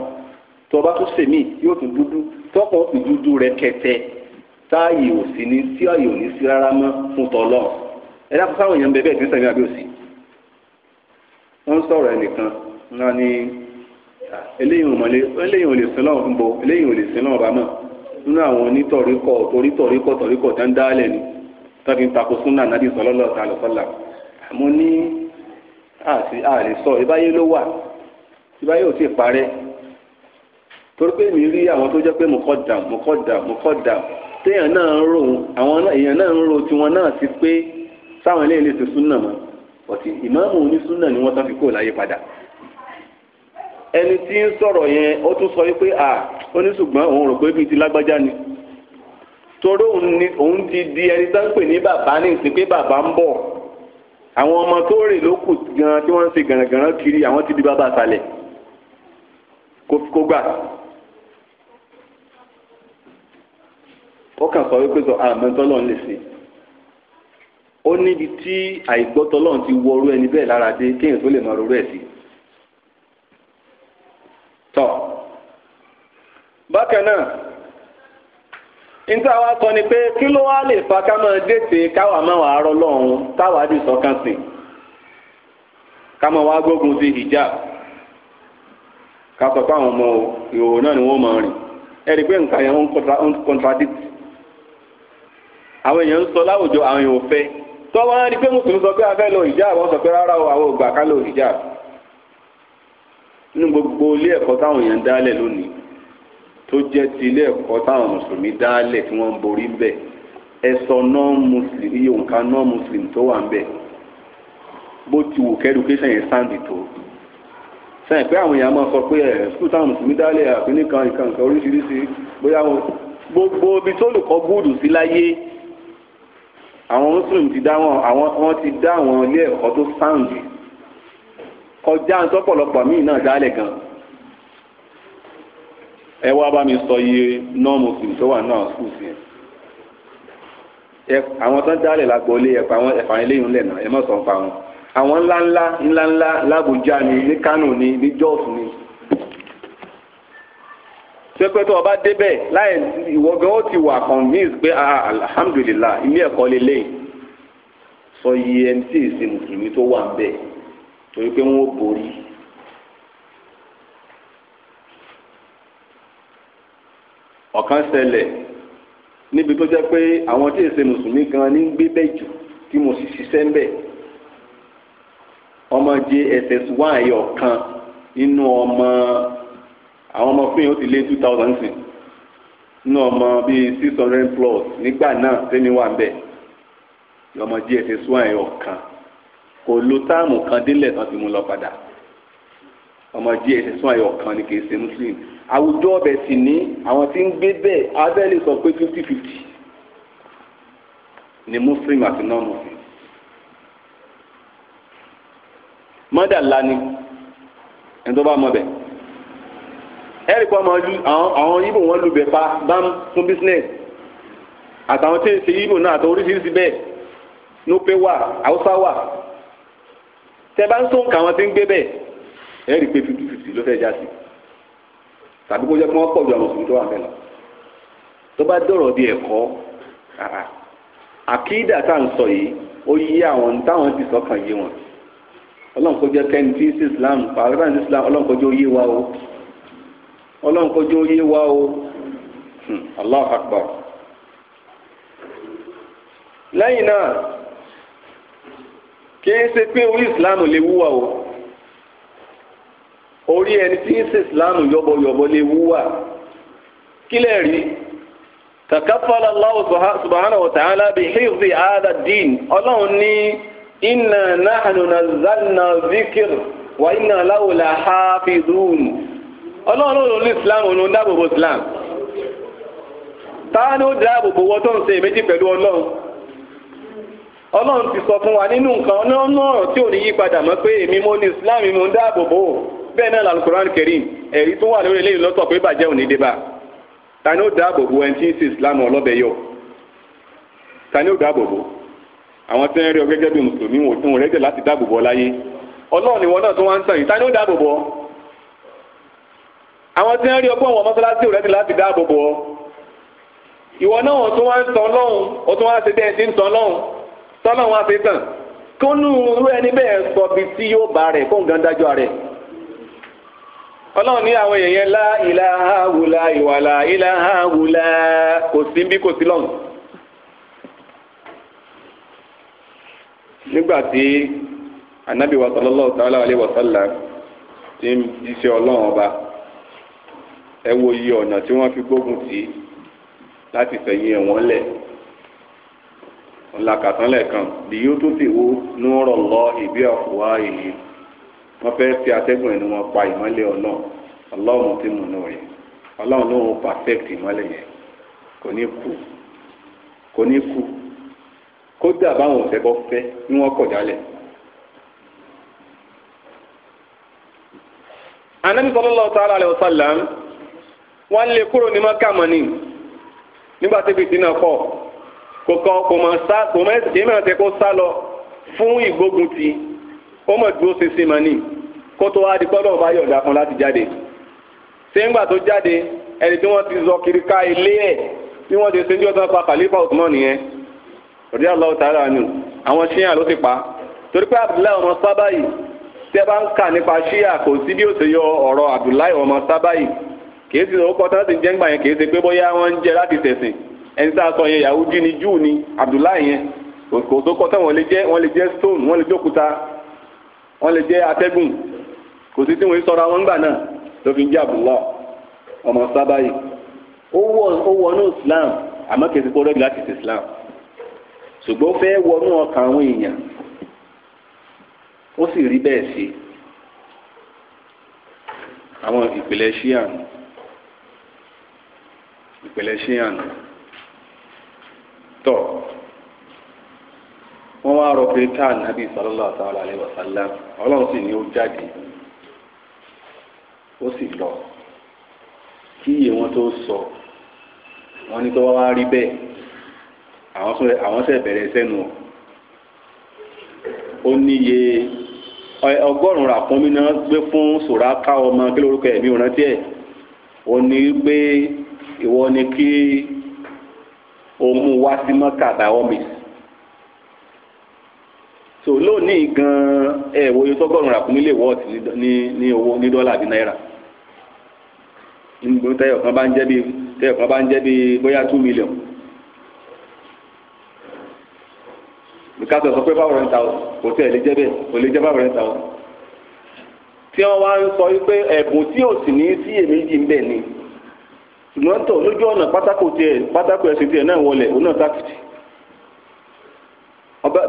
tọba tó sèmí yóò tún dúdú tọkàn ó tún dúdú rẹpẹtẹ táàyè ò sí ní tí àyè ò ní sí rárá mọ́ fún tọ́lọ́ ẹ dákun sáwọn èèyàn bẹ́ẹ̀ bẹ́ẹ̀ tí eléyìí ò lè sin lọ́wọ́ ń bọ eléyìí ò lè sin lọ́wọ́ bá mọ́ nínú àwọn onítọ̀ríkọ̀ torítọ̀ríkọ̀ tọ̀ríkọ̀ tó ń dálẹ̀ ni tọ́fi ń takò súnà nàbí sọlọ́lọ́ sàlọ́sọ́là àmọ́ ní àti àlè sọ ìbáyé ló wà ìbáyé ò sì parẹ́ torí pé mi rí àwọn tó jẹ́ pé mo kọ́ dà mo kọ́ dà mo kọ́ dà téèyàn náà ń rò àwọn èèyàn náà ń rò tiwọn náà sí pé sáwọn eléyìí lè ṣe súnà mọ́ ọ̀tí ìmáàmù onísúnà ni wọ́n tán fi kó láyé padà ẹni tí ń sọ̀rọ̀ yẹn ó tún sọ wípé à ó ní ṣùgbọ́n òun rò pé bíi ti lágbájá ni torí òun ni òun ti di ẹni tó ń pè ní bàbá ní ìsìn pé bàbá ń bọ̀ àwọn ọmọ tó rè ló kù gan tí wọ́n ń ṣe gànàgànà kiri àwọn ti di bàbá àtàlẹ̀ kó gbà ó kàn sọ wípé sọ àmọ́tọ́lọ́ ń lè ṣe ó níbi tí àìgbọ́tọ́lọ́ ti wọrú ẹni bẹ́ẹ̀ lára dé kéèyàn tó lè máa rorú ẹ̀ sí bákan náà níta wa sọ ni pé kí ló wá lè fa ká máa dètè káwa máa wà á rọ lọ́hùn táwa dì sọ́kàn sí ká máa wá gbógun hijab ká sọ àwọn ọmọ ìhòòhò náà ni wọ́n máa rìn ẹ̀rí pé nǹkan yẹn ń contradict àwọn èèyàn ń sọ láwùjọ àwọn èèyàn ò fẹ́ á rí pé mùsùlùmí sọ pé a fẹ́ lo hijab wọ́n sọ pé rárá o àwọn ò gbà ká hijab nínú gbogbo tó jẹ́ ti ilé ẹ̀kọ́ táwọn mùsùlùmí dálẹ̀ tí wọ́n ń borí ń bẹ̀ ẹ̀sọ́ non-muslim iye òǹkà non-muslim tó wà ń bẹ̀ bó ti wù kẹ́ education yẹn sáǹdì tó sẹ́yìn pé àwọn èèyàn máa sọ pé ẹ̀ skul táwọn mùsùlùmí dálẹ̀ àbíní kan nǹkan nǹkan oríṣiríṣi bóyá wọn gbogbo ibi tó lùkọ́ gbòdù sí láyé àwọn muslim ti dá wọn àwọn wọn ti dá àwọn ilé ẹ̀kọ́ tó sáǹdì kọjá ń míì náà dálẹ̀ gan-an ẹ wá bá mi sọ iye non-muslim tó wà náà skul sí ẹ àwọn tó ń dálẹ̀ lágbo ilé ẹ̀fà àwọn ẹ̀fà eléyìí lẹ̀ náà ẹ má sọ wọn àwọn ńláńlá ńláńlá lábújá ni ní Kánò ni ní Jọ́ọ̀sì ni pẹpẹtọ ọba débẹ̀ láì ìwọ gan ó ti wà convince pé ah alhamdulillah ilé ẹ̀kọ́ lélẹ̀ sọ iye ẹni tí èsì mùsùlùmí tó wà ń bẹ torí pé wọn ò borí ọ̀kan ṣẹlẹ̀ níbi tó jẹ́ pé àwọn tí èsè mùsùlùmí gan ní gbé bẹ́ẹ̀ jù tí mo sì ṣiṣẹ́ ń bẹ̀ ọmọ jss one ẹ̀yọ̀ kan nínú ọmọ àwọn ọmọ fún yìí ó ti lé two thousand sìn nínú ọmọ bíi six hundred plus nígbà náà tẹ́ni wà ń bẹ̀ ọmọ jss one ẹ̀yọ̀ kan kò lo táàmù kan délẹ̀ tán ti mú lọ padà ọmọ dss one ẹyọ kan ni kì í ṣe muslim àwùjọ ọbẹ̀ sì ní àwọn tí ń gbé bẹ́ẹ̀ abẹ́lé sọ pé fifty fifty ni muslim àti non-muslim mọ́dà lani ẹni tó bá mọ̀ bẹ́ẹ̀ ẹ̀rì kan máa lu àwọn ibo wọn lu bẹ̀ pa bám fún business àtàwọn tí ń ṣe ibo náà àtàwọn oríṣiríṣi bẹ́ẹ̀ nópé wà haúsá wà tẹ bá ń sọ̀nkà àwọn tí ń gbé bẹ́ẹ̀ ẹ rí pé fifty fifty ló fẹ́ já sí tàbí kó jẹ́ kí wọ́n pọ̀ ju àwọn mùsùlùmí tó wà mẹ́lọ tó bá dọ̀rọ̀ di ẹ̀kọ́ àkídà tá à ń sọ yìí ó yí àwọn táwọn ti sọkàn yé wọn ọlọ́run kó jẹ́ kẹ́ni tí sí islam pàápàá ní islam ọlọ́run kó jẹ́ ó yé wa o ọlọ́run kó jẹ́ ó yé wa o hmm, allah akbar lẹ́yìn náà kì í ṣe pé orí islam lè wúwa o. orí ẹni tí ń ṣe islam yọbọyọbọ lè wúwà kílẹ̀ rí takafala allah subhanahu wa ta'ala bi hifzi hada din ọlọ́run ní inna nahnu zanna zikir wa inna ha la hafizun ọlọ́run ló ní islam ló ń islam táwọn ló dáàbòbò wọ́n tó ń ṣe méjì pẹ̀lú ọlọ́run ọlọ́run ti sọ fún wa nínú nǹkan tí ò ní yí padà mọ́ pé islam mo ń bẹ́ẹ̀ náà làlùkùránì kẹrin ẹ̀rí tó wà lórí eléyìí lọ́tọ̀ pé bàjẹ́ òní dé bá ta ni ó dáàbò bo ẹni tí ń ṣe islam ọlọ́bẹ yọ ta ni ó dáàbò bo àwọn tí ń rí ọ gẹ́gẹ́ bí mùsùlùmí wò tí wọn rẹ́jẹ̀ láti dáàbò bo láyé ọlọ́run ìwọ náà tó wá ń tàn yìí ta ni ó dáàbò bo àwọn tí ń rí ọgbọ́n wọn mọ́sálásí rẹ́jẹ̀ láti dáàbò bo ìwọ náà wọn tó wá ń tàn lọ́hùn ó tó wá ń ṣe bẹ́ẹ̀ tí ń tàn lọ́hùn tọ́lọ́hùn ọlọ́run ní àwọn èèyàn lá ìlàhà wùlà ìwàlà ìlàhà wùlà kò sí bí kò sí lọ́hùn. nígbà tí anabi wa sallallahu ta'ala alayhi wa sallam ti ń jíṣẹ́ ọlọ́run ọba ẹ wo iye ọ̀nà tí wọ́n fi gbógun tì í láti fẹ̀yìn ẹ̀wọ̀n lẹ̀ ọ̀làkàtàn kan lèyí ó tó ti wo nùrọ̀ lọ ìbí ọ̀fùwá èyí wọ́n fẹ́ fi atẹ́gùn ẹni wọn pa ìmọ́lẹ̀ ọlọ́run ọlọ́run ti mú náà yẹn ọlọ́run ló ń perfect ìmọ́lẹ̀ yẹn kò ní kú kò ní kú kódà báwọn ọ̀sẹ̀ bọ́ ni wọ́n kọ̀ jálẹ̀. anabi sallallahu ta'ala alayhi wa sallam wọ́n lè kúrò ní maka mọ́ni nígbà tí fìtínà kọ̀ kò kọ́ kò mọ̀ sá kò mọ̀ ẹ̀sìn kò mọ̀ ẹ̀sìn sá lọ fún ìgbógun ó mọ̀ dúró ṣinṣin mọ́ni kótó wá di pọ́nlọ́wọ́ bá yọ̀ǹda fún láti jáde sẹ́ńgbà tó jáde ẹni tí wọ́n ti zọ kiri ká ilé ẹ̀ tí wọ́n ti sẹ́ńdí ọ̀tá pa kàlífà Usman nìyẹn ọ̀dẹ́ aláwọ̀ tààrà nù àwọn ṣíyàn ló ti pa torí pé Abdullahi ọmọ sábà yìí tí a bá ń kà nípa ṣíyà kò sí bí ó ṣe yọ ọ̀rọ̀ Abdullahi ọmọ sábà yìí kìí ṣe orúkọ tí wọ́n ti jẹ́ ń gbà yẹn kìí ṣe pé bóyá wọ́n ń jẹ láti tẹ̀sìn ẹni tá a sọ yẹn Yahudi ni Júù ni Abdullahi yẹn kò tó kọ́ tẹ́ wọ́n lè jẹ́ stone wọ́n lè jẹ́ òkúta wọ́n lè jẹ́ atẹ́gùn kò sí tí wọ́n sọ̀rọ̀ àwọn náà ló jẹ́ ọmọ sábàyì ó wọnú Islam àmọ́ kìí láti ti Islam ṣùgbọ́n ó fẹ́ wọnú ọkàn àwọn èèyàn ó sì rí bẹ́ẹ̀ sí àwọn ìpìlẹ̀ shi'an ìpìlẹ̀ shi'an tọ̀ wọ́n wá rọ pé ọlọ́run ó sì lọ kí iye wọn tó sọ wọn ní tó wá wá rí bẹ́ẹ̀ àwọn sẹ̀ bẹ̀rẹ̀ sẹ́nu ọ̀ ó níye ọgọ́rùn-ún ràkúnmí náà gbé fún sòráká ọmọ kí lórúkọ ẹ̀mí ò rántí ẹ̀ ó ní pé ìwọ ni kí òun wá sí mọ́kà báwọ́ mi so lónìí gan-an ẹ̀wòye tọ́gọ́rùn-ún ràkúnmí lè wọ́ọ̀tì ní owó ní dọ́là àbí náírà nígbò tẹ́yọ̀ kan bá ń jẹ́ bí tẹ́yọ̀ kan bá ń jẹ́ bí bóyá two million bíkátọ̀ sọ pé báwo rẹ̀ o kò tẹ̀ lè jẹ́ bẹ́ẹ̀ kò lè jẹ́ báwo rẹ̀ ń ta o tí wọ́n wá ń sọ wípé ẹ̀bùn tí ò sì ní sí èméjì ń bẹ ni ṣùgbọ́n tó lójú ọ̀nà pátákó tiẹ̀ pátákó ẹ̀sìn tiẹ̀ náà wọlé òun náà tákìtì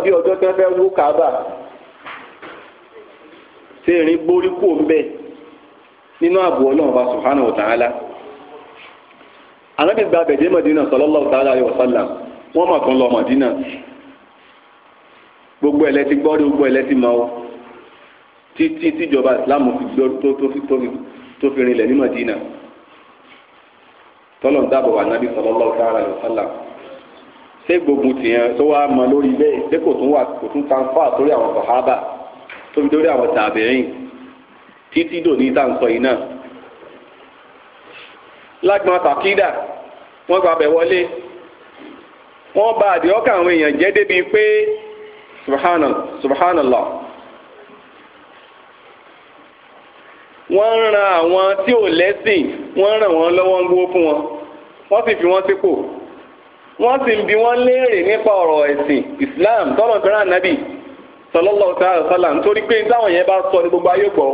bí ọjọ́ tí wọ́n fẹ́ wú kábà ṣé erin gbórí kù ń bẹ́ẹ̀ nínú ààbò ọlọ́run bá subhanahu wa ta'ala anabi gba abẹ̀dé mọ̀dínà sallallahu ta'ala alayhi wa sallam wọ́n mọ̀ tán lọ mọ̀dínà gbogbo ẹ̀lẹ́ ti gbọ́rí gbogbo ẹ̀lẹ́ ti máa títí tíjọba ìsìlámù fi gbọ́ tó fi rinlẹ̀ ní mọ̀dínà tọ́lọ̀ ń dábọ̀ anabi sallallahu ta'ala alayhi wa sallam ṣé gbogbo tìyẹn tó wá mọ lórí bẹ́ẹ̀ ṣé kò tún wà kò tún transfer sórí àwọn sàhábà tóbi lórí àwọn tàbíyìn títí dòní tá à ń sọ yìí náà lágbọn tàkídà wọ́n gba abẹ wọlé wọ́n bá àdìọkàn àwọn èèyàn jẹ́ débi pé subhana subhanallah wọ́n ń ran àwọn tí ò lẹ́sìn wọ́n ran wọn wọ́n lọ́wọ́ ń gbówó fún wọn wọ́n sì fi wọ́n sípò wọ́n sì ń bi wọ́n léèrè nípa ọ̀rọ̀ ẹ̀sìn islam tọlọ fẹ́ràn nábì sallallahu ta'ala sallam nítorí pé táwọn yẹn bá sọ ní gbogbo ayé gbọ́.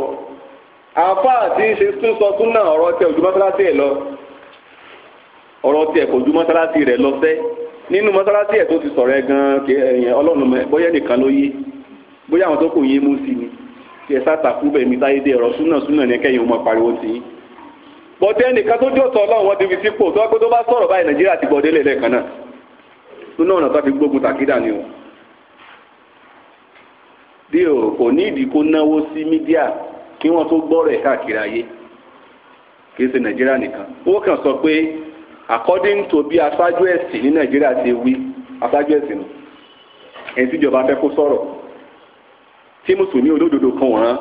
àáfàá tí ń ṣe tún sọ tún náà ọ̀rọ̀ tẹ ojú mọ́sálásí ẹ̀ lọ ọ̀rọ̀ tẹ kò ju mọ́sálásí rẹ̀ lọ sẹ́ nínú mọ́sálásí ẹ̀ tó ti sọ̀rọ̀ ẹ gan ẹ̀yìn ọlọ́run bóyá nìkan ló yé bóyá àwọn tó kù yín mú sí ni tí ẹ sátàkú bẹ̀ mi táyé dé ọ̀rọ̀ súnà súnà ní kẹ́yìn ọmọ pariwo tì í bọ́tẹ́ ẹnìkan tó jọ́ sọ ọlọ́run wọn ti fi sípò tó wá pé tó bá sọ̀rọ̀ báyìí nàìjíríà ti gbọ́dé lẹ̀ lẹ́ẹ̀kan náà kí wọ́n tó gbọ́rọ̀ ẹ̀ káàkiri ayé kì í nàìjíríà nìkan ó kàn sọ pé according to bí aṣáájú ẹ̀sìn ní nàìjíríà ti wí aṣáájú ẹ̀sìn nù ẹ̀ tíjọba fẹ́ kó sọ̀rọ̀ tí mùsùlùmí olódodo kan wọ̀n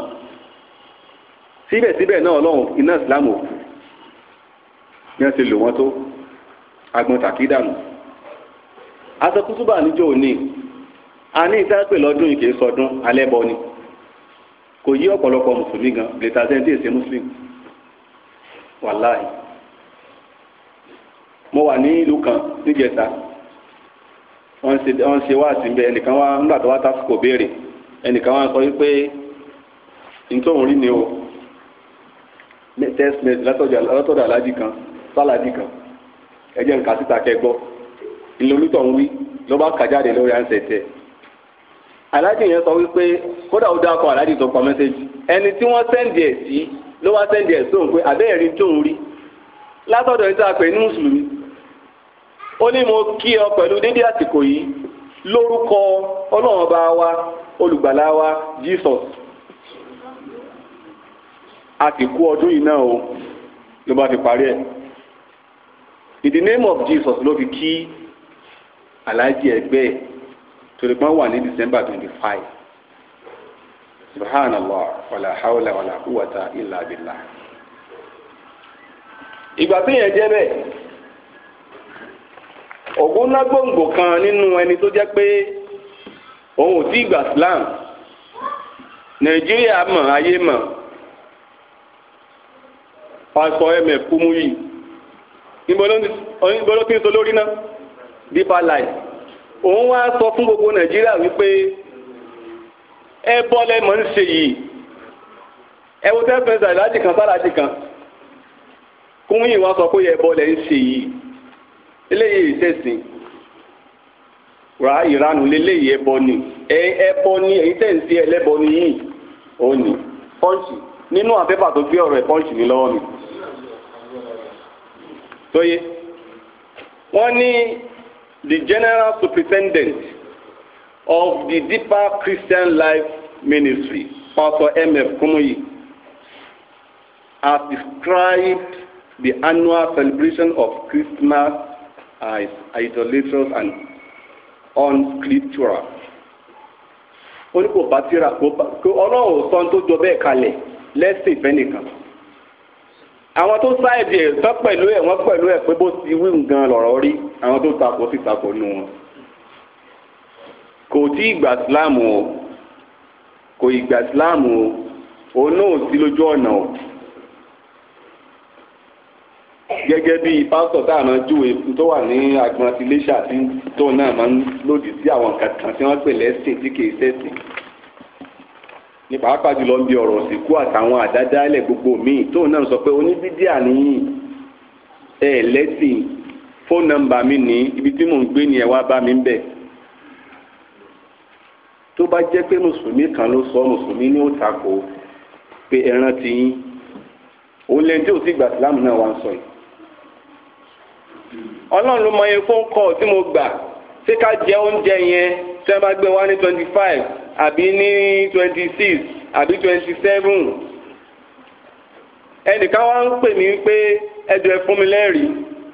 síbẹ̀síbẹ̀ náà ọlọ́run iná ìsìlámù òkú bí wọ́n ti lò wọ́n tó agbọn tàkídànù asọkúsúbà níjọ́ òní a ní ìtẹ́pẹ̀ lọ́dún ìkè sọdún alẹ́ bọ ni kò yí ọ̀pọ̀lọpọ̀ mùsùlùmí gan lẹ́tà sẹ́ni tí èsè muslim wàláì mo wà ní ìlú kan níjẹta wọ́n ṣe wọ́n ṣe wá àtìmbẹ́ ẹnìkan wá ńgbà tó wá tásìkò béèrè ẹnìkan wá sọ wípé nítorí rí ni o test message látọ̀dọ̀ aláàjì kan sálàjì kan ẹ̀jẹ̀ nǹkan síta kẹgbọ́ ìlú olùtọ̀ ń wí ló bá lórí àǹsẹ̀ aláàjì yẹn sọ wípé kódà ó dáa kọ aláàjì tó kọ mẹ́sẹ́jì ẹni tí wọ́n sẹ́ǹdì ẹ̀ sí ló wá sẹ́ǹdì ẹ̀ sóhun pé àbẹ́ ẹ̀rí tó ń rí látọ̀dọ̀ ní sáà pé ní mùsùlùmí ó ní mo kí ọ pẹ̀lú dédé àsìkò yìí lórúkọ ọlọ́run ọba wa olùgbàlà wa Jesus a sì kú ọdún yìí náà o ló bá fi parí ẹ̀ in the name of Jesus ló fi kí aláàjì ẹgbẹ́ ẹ̀ torí pé wọ́n wà ní december twenty five subhanallah wàlà hawla wàlà kúwàtà illa billah. ìgbà tó yẹn jẹ́ bẹ́ẹ̀ ògúnnágbòǹgbò kan nínú ẹni tó jẹ́ pé òun ò tí ìgbà Islam nàìjíríà mọ̀ ayé mọ̀ pásọ mf kúmúyì níbo ló ti ń sọ lórí náà deeper life òun wá sọ fún gbogbo nàìjíríà wípé ẹ bọ́ lẹ́mọ̀ ń ṣe yìí ẹ wo ten percent aláàjì kan sáláàjì kan kún yìí wá sọ pé ẹ bọ́ lẹ́ ń yìí eléyìí ra ìranù léléyìí ẹbọ ni ẹbọ ni èyí tẹ̀ ń ṣe ẹlẹ́bọ ni yìí ninu ní pọ́ǹsì nínú àpépà tó gbé ọ̀rọ̀ ẹ̀ pọ́ǹsì ni. the general superintendent of the Deeper Christian Life Ministry, Pastor M.F. Kumuyi, has described the annual celebration of Christmas as idolatrous and unscriptural. ó ní kò bá tíra kó ọlọ́run sọ tó jọ bẹ́ẹ̀ kalẹ̀ lẹ́sìn ìfẹ́ nìkan àwọn tó sá ẹ̀bì ẹ̀ tán pẹ̀lú ẹ̀ wọ́n pẹ̀lú ẹ̀ pé bó ti wí nǹkan lọ̀rọ̀ rí àwọn tó takò sí takò nù wọn. kò tí ìgbà síláàmù o kò ìgbà síláàmù o òun náà sí lójú ọ̀nà o gẹ́gẹ́ bí pásítọ̀ tá a máa júwe tó wà ní agbọn ti iléṣà tó náà máa ń lòdì sí àwọn nǹkan kan tí wọ́n pè lẹ́sìn tí kì í ṣẹ̀sìn ní pàápàá jùlọ ń bi ọ̀rọ̀ òsìkú àtàwọn àdádálẹ̀ gbogbo míì tóun náà sọ pé oníbídíà nìyí ẹ lẹ́sìn fóònù nọ́mbà mi ní ibi tí mò ń gbé ni ẹ wá bá mi ń bẹ̀. tó bá jẹ́ pé mùsùlùmí kan ló sọ mùsùlùmí ní ó takò pé ẹran ti yín òun lẹ́yìn tí ò sí ìgbà sílámù náà wà ń sọ yìí. ọlọ́run ló mọ iye fóònù kọ́ tí mo gbà ṣé ká jẹ oúnjẹ yẹn tí wọ́n bá gbé wá ní twenty five àbí ní twenty six àbí twenty ń pè mí pé ẹjọ́ ẹ fún mi lẹ́rìí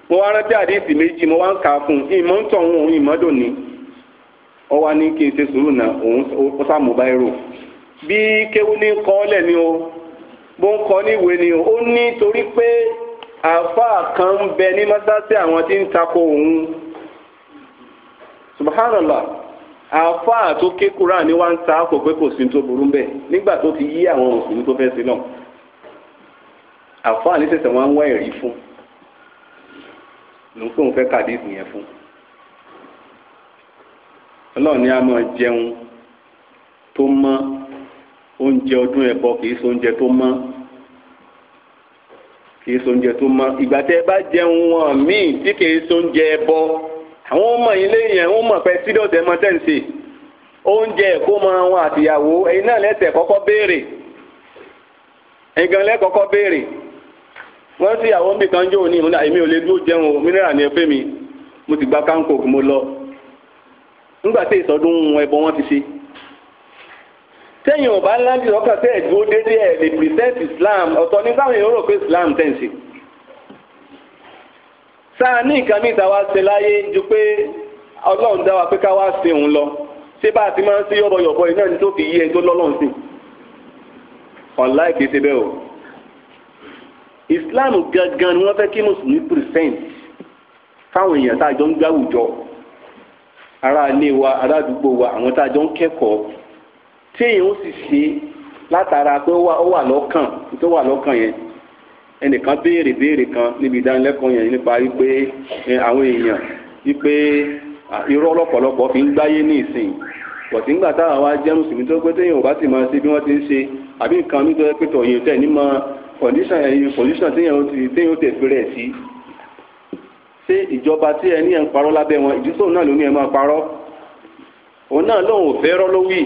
mo wá rántí àdéhìsì méjì mo wá kà á fún un ìmọ̀ ń tọ̀ òun ìmọ̀ ní ọ kí n ṣe sùúrù náà òun ó sá bí kéwú ní kọ́ lẹ̀ ni o bó ń kọ́ níwèé o ní torí pé àáfàá kan bẹ ní mọ́sáàsì àwọn tí ń tako òun subhanallah àáfàá tó ké Kùránì wá ń ta kò pé kò sí tó burú bẹ́ẹ̀ nígbà tó ti yí àwọn mùsùlùmí tó fẹ́ sí náà àáfàá ní sẹ̀sẹ̀ wọn ń wá ẹ̀rí fún ló ń pè ń fẹ́ kàdíìsì yẹn fún ọlọ́run ni a máa jẹun tó mọ́ oúnjẹ ọdún ẹ̀bọ kì í ṣe oúnjẹ tó mọ́ kì í ṣe oúnjẹ tó mọ́ ìgbà tẹ́ ẹ bá jẹun wọn míì tí kì í ṣe oúnjẹ ẹ̀bọ àwọn ọmọ yìí lẹ́yìn ẹ̀ ń mọ̀ pé sídọ̀tẹ̀ mọ tẹ́ǹsì oúnjẹ ẹ̀kọ́ mọ àwọn àtìyàwó ẹ̀yin náà lẹ́sẹ̀ kọ́kọ́ béèrè ẹ̀yin gan lẹ́ kọ́kọ́ béèrè wọ́n sì àwọn bí kan jóò ní ìmúlẹ̀ àìmí ò lè dúró jẹun o mínírà ní ẹgbẹ́ mi mo ti gba kánkò mo lọ nígbà tí ìsọdún ẹbọ wọn ti ṣe tẹ́yìn ọ̀bá ńlá dì lọ́kàn tẹ́ ẹ̀ dúró déédéé ẹ̀ lè present Islam ọ̀tọ̀ ní báwọn èèyàn rò pé Islam tẹ̀sí sáà ní nǹkan mi ìta wá ṣe láyé ju pé ọlọ́run dá wa pé ká wá ṣe òun lọ ṣé bá a ti máa ń ṣe yọ̀bọ̀yọ̀bọ̀ iná ni tó fi yí ẹni tó lọ́lọ́run sí ọ̀la ìpè ṣe bẹ́ẹ̀ o Islam gangan ni wọ́n fẹ́ kí mùsùlùmí present fáwọn èèyàn tá a jọ ń gbé àwùjọ ará ilé wa ará àdúgbò wa àwọn tá a jọ ń kẹ́kọ̀ọ́ tí èèyàn ó sì ṣe látara pé ó wà lọ́kàn tó wà lọ́kàn yẹn ẹnìkan béèrè béèrè kan níbi ìdánilẹ́kọ̀ọ́ yẹn nípa wípé àwọn èèyàn wípé irọ́ lọ́pọ̀lọpọ̀ fi ń gbáyé ní ìsìn pọ̀tí ńgbà táwọn wa jẹ́ mùsùlùmí tó pé téèyàn ò bá sì máa ṣe bí wọ́n ti ń ṣe àbí nǹkan mi tó yẹ pé tọ̀yìn tẹ̀ ní máa kọ̀ndíṣàn ẹ̀yìn kọ̀ndíṣàn téèyàn ó tẹ̀ fẹ́rẹ̀ sí. ṣé ìjọba tí ẹni ẹ̀ ń parọ́ lábẹ́ wọn ìdísòun náà ló ní máa parọ́ òun náà lóun ò fẹ́ lówì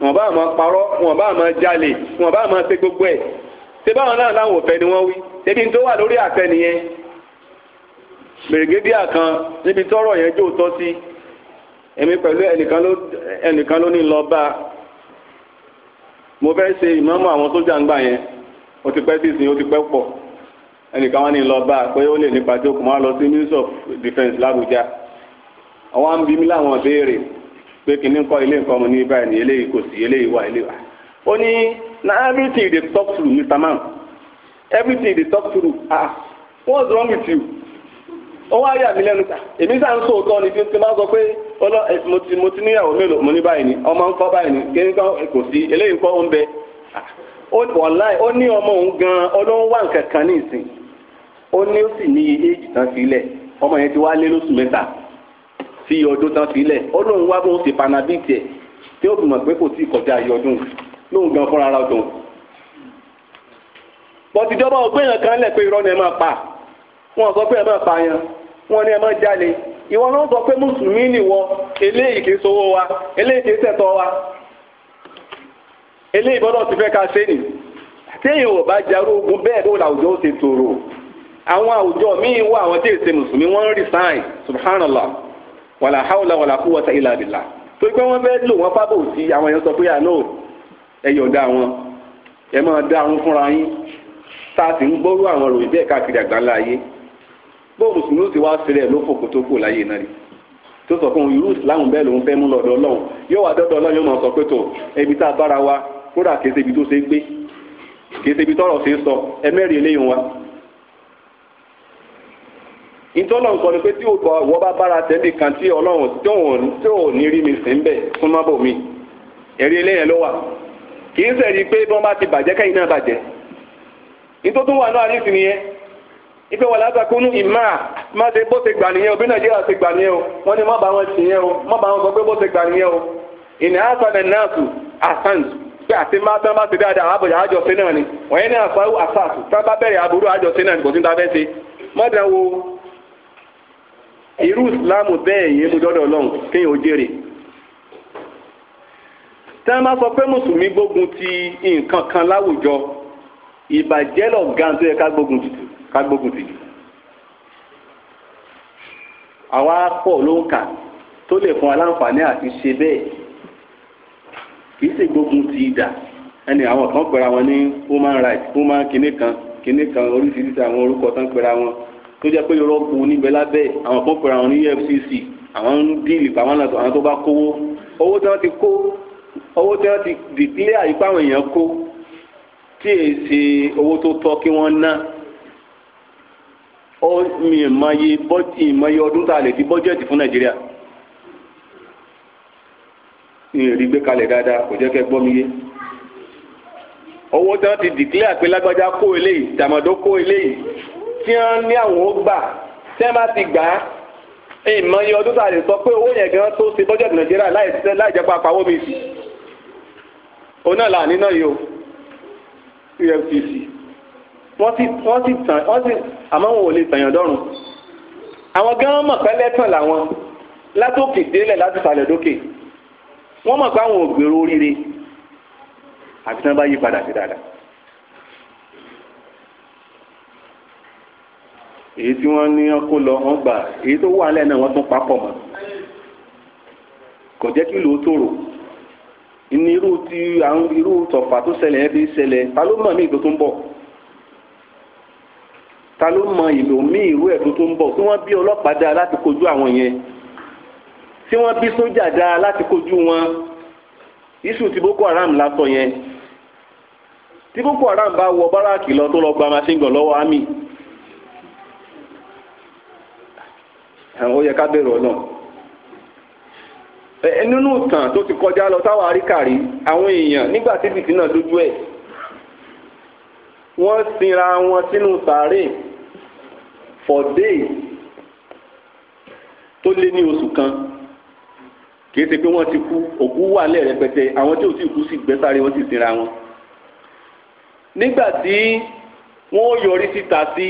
wọn bá máa parọ́ wọn bá máa jalè wọn bá máa ṣe gbogbo ẹ̀ ṣé báwọn náà láwọn òfẹ́ ni wọ́n wí ṣébi tó wà lórí àfẹ́ nìyẹn mèrègédíà kan níbi tọ́rọ̀ yẹn jó tọ́ sí èmi pẹ̀lú ẹnìkan ló ní lọ bá mo fẹ́ ṣe ìmọ̀mọ́ àwọn sójà ń gbà yẹn ó ti pẹ́ sí ìsìn ó ti pẹ́ pọ̀ ẹnìkan wá ní lọ bá pé ó lè nípa tó kùn wá lọ sí ministry of defence làbújá àwọn ń bí mi láwọn béèrè pé kìnnìkan ilé nǹkan mo ní báyìí ní eléyìí kò sí eléyìí wà eléyìí wà ó ní na everything you dey talk through mr man everything you dey talk through ah what's wrong with you ó wá yà mí lẹ́nu ta èmi sá ń sòótọ́ ni bí tí wọ́n sọ pé ọlọ mo ti mo ti níyàwó mélòó mo ní báyìí ni ọmọ ń kọ́ báyìí ni kí n kọ́ kò sí eléyìí kọ́ ń bẹ ah, wàláì ó ní ọmọ òun gan ọlọ́run wà nǹkan ní ìsìn ó ní ó sì ní tán sílẹ̀ ọmọ yẹn ti wá lé lóṣù mẹ́ta ọdún tán sílẹ̀ wá bó ṣe panabíìtì ẹ̀ tí ó fi mọ̀ pé kò tí ì kọjá ayé ọdún lóhùn gan fúnra ara ọdún bọ́tí ìjọba ògbéyàn kan lẹ̀ pé irọ́ ni ẹ máa pa wọn sọ pé ẹ máa pààyàn wọn ni ẹ máa jalè ìwọ náà sọ pé mùsùlùmí nìwọ eléyìí kì í sowó wa eléyìí kì í ṣẹ̀tọ́ wa eléyìí bọ́dọ̀ ti fẹ́ ká ṣe nì téèyàn ò bá jarú ogun bẹ́ẹ̀ ló làwùjọ ṣe tòrò àwọn àwùjọ míì wà àwọn tí èsè mùsùlùmí wọn ń resign subhanallah wàlà haúlà wàlà kúwọ́ta ìlà bìlà wọ́n fẹ́ lò wọ́n fábò sí àwọn èèyàn sọ pé àná ẹ yọ̀dá wọn ẹ máa dá wọn fúnra yín tá a sì ń gbọ́rú àwọn ròyìn bẹ́ẹ̀ káàkiri àgbáńlá ayé bóun mùsùlùmí ti wá sílẹ̀ ló fòkò tó kù láyé náà rí tó sọ fún un irú ìsìláàmù bẹ́ẹ̀ lòun fẹ́ mú lọ́dọ̀ ọlọ́run yóò wá dọ́dọ̀ ọlọ́run yóò máa sọ pé tó ẹbí tá a bára wa kódà kìí ṣe ibi tó ṣe é gbé kìí ṣe ibi tọ́rọ̀ ṣe é sọ ẹ mẹ́rin eléyìí wa ìtọ́lọ̀ sọ ni pé tí wọ́n bá bára tẹ́lẹ̀ kan tí ọlọ́run tí ò ní rí mi sí ń bẹ̀ súnmọ́ bò mí ẹ̀rí eléyẹn ló wà kì í sẹ̀rí pé bí bá ti bàjẹ́ kẹ́yìn náà bàjẹ́ nítorí wà náà àdìsí nìyẹn ipe wà látàkùnú ìmá má ṣe bó ṣe gbà nìyẹn o bí nàìjíríà ṣe gbà nìyẹn o wọ́n ní má bá wọn ṣì yẹn o má wọn sọ pé bó ṣe gbà nìyẹn o ìní àṣàlẹ̀ náà tù pé àti má tán bá ṣe dáadáa àbòyá àjọṣe náà ni wọ́n yẹn ní àṣàrò àṣàtù tá bá bẹ̀rẹ̀ aburú àjọṣe náà nìkan tí ta fẹ́ ṣe mọ́dà wo irú ìsìlámù bẹ́ẹ̀ yẹn mú dọ́dọ̀ kéèyàn ó tí wọ́n bá sọ pé mùsùlùmí gbógun ti nǹkan kan láwùjọ ìbàjẹ́ lọ̀gán tó yẹ ká gbógun ti ká gbógun ti jù àwa pọ̀ ló ń kà tó lè fún aláǹfààní àti ṣe bẹ́ẹ̀ kì í ṣe gbógun ti ìdà ẹni àwọn kan pera wọn ní human rights human kinní kan kinní kan oríṣiríṣi àwọn orúkọ tán pera wọn tó jẹ́ pé irọ́ kù níbẹ̀ lábẹ́ àwọn kan pera wọn ní EFCC àwọn ń díìlì pa àwọn náà àwọn tó bá kówó owó tí wọ́n ti kó owó tí wọ́n ti dìklẹ́ àyíká àwọn èèyàn kó tí èyí ṣe owó tó tọ́ kí wọ́n ná ó mi ìmọye bọ́tì ìmọye ọdún tá a lè fi bọ́jẹ̀tì fún nàìjíríà ní èrí gbé kalẹ̀ dáadáa kò jẹ́ kẹ́ gbọ́ mi yé owó tí wọ́n ti dìklẹ́ àpé lágbájá kó eléyìí tàmọ̀dó kó eléyìí tí wọ́n ní àwọn ó gbà tí wọ́n bá ti gbà á ìmọye ọdún tá a lè sọ pé owó yẹn gan tó ṣe bọ́jẹ̀tì nàìjíríà láì jẹ́ pé apawó mi sí òun náà là nínà yìí o efcc wọ́n ti wọ́n ti tàn wọ́n ti àmọ́ wọn ò lè tàyàn dọ́rùn àwọn gán mọ̀ pẹ́lẹ́ tàn làwọn látòkè délẹ̀ láti sàlẹ̀ dókè wọ́n mọ̀ pé àwọn ò gbèrò oríire àti tí wọ́n bá yí padà sí dáadáa. èyí tí wọ́n ní ọkọ lọ wọ́n gbà èyí tó wà lẹ́nu náà wọ́n tún papọ̀ mọ́ kò jẹ́ kí ìlú ó ní irú ti àwọn irú tọ̀fà tó ṣẹlẹ̀ ẹ́ bí ṣẹlẹ̀ ta ló mọ̀ ní ìgbó tó ń bọ̀ ta ló mọ ìlò mí ìrú ẹ̀dùn tó ń bọ̀ tí wọ́n bí ọlọ́pàá dáa láti kojú àwọn yẹn tí wọ́n bí sójà dáa láti kojú wọn iṣu ti Boko Haram la yẹn tí Boko Haram bá wọ báràkì lọ tó lọ gba machine gun lọ́wọ́ àmì àwọn ó yẹ ká bẹ̀rù ọ náà nínú ìtàn tó ti kọjá lọ táwọn àríkàrí àwọn èèyàn nígbà tí fìtínà dojú ẹ̀ wọ́n sinra wọn sínú sàárè for days tó lé ní oṣù kan kì í ṣe pé wọ́n ti kú òkú wà lẹ́ rẹpẹtẹ àwọn tí ò tí kú sì gbẹ́ sáré wọ́n sì sinra wọn nígbà tí wọ́n yọrí síta sí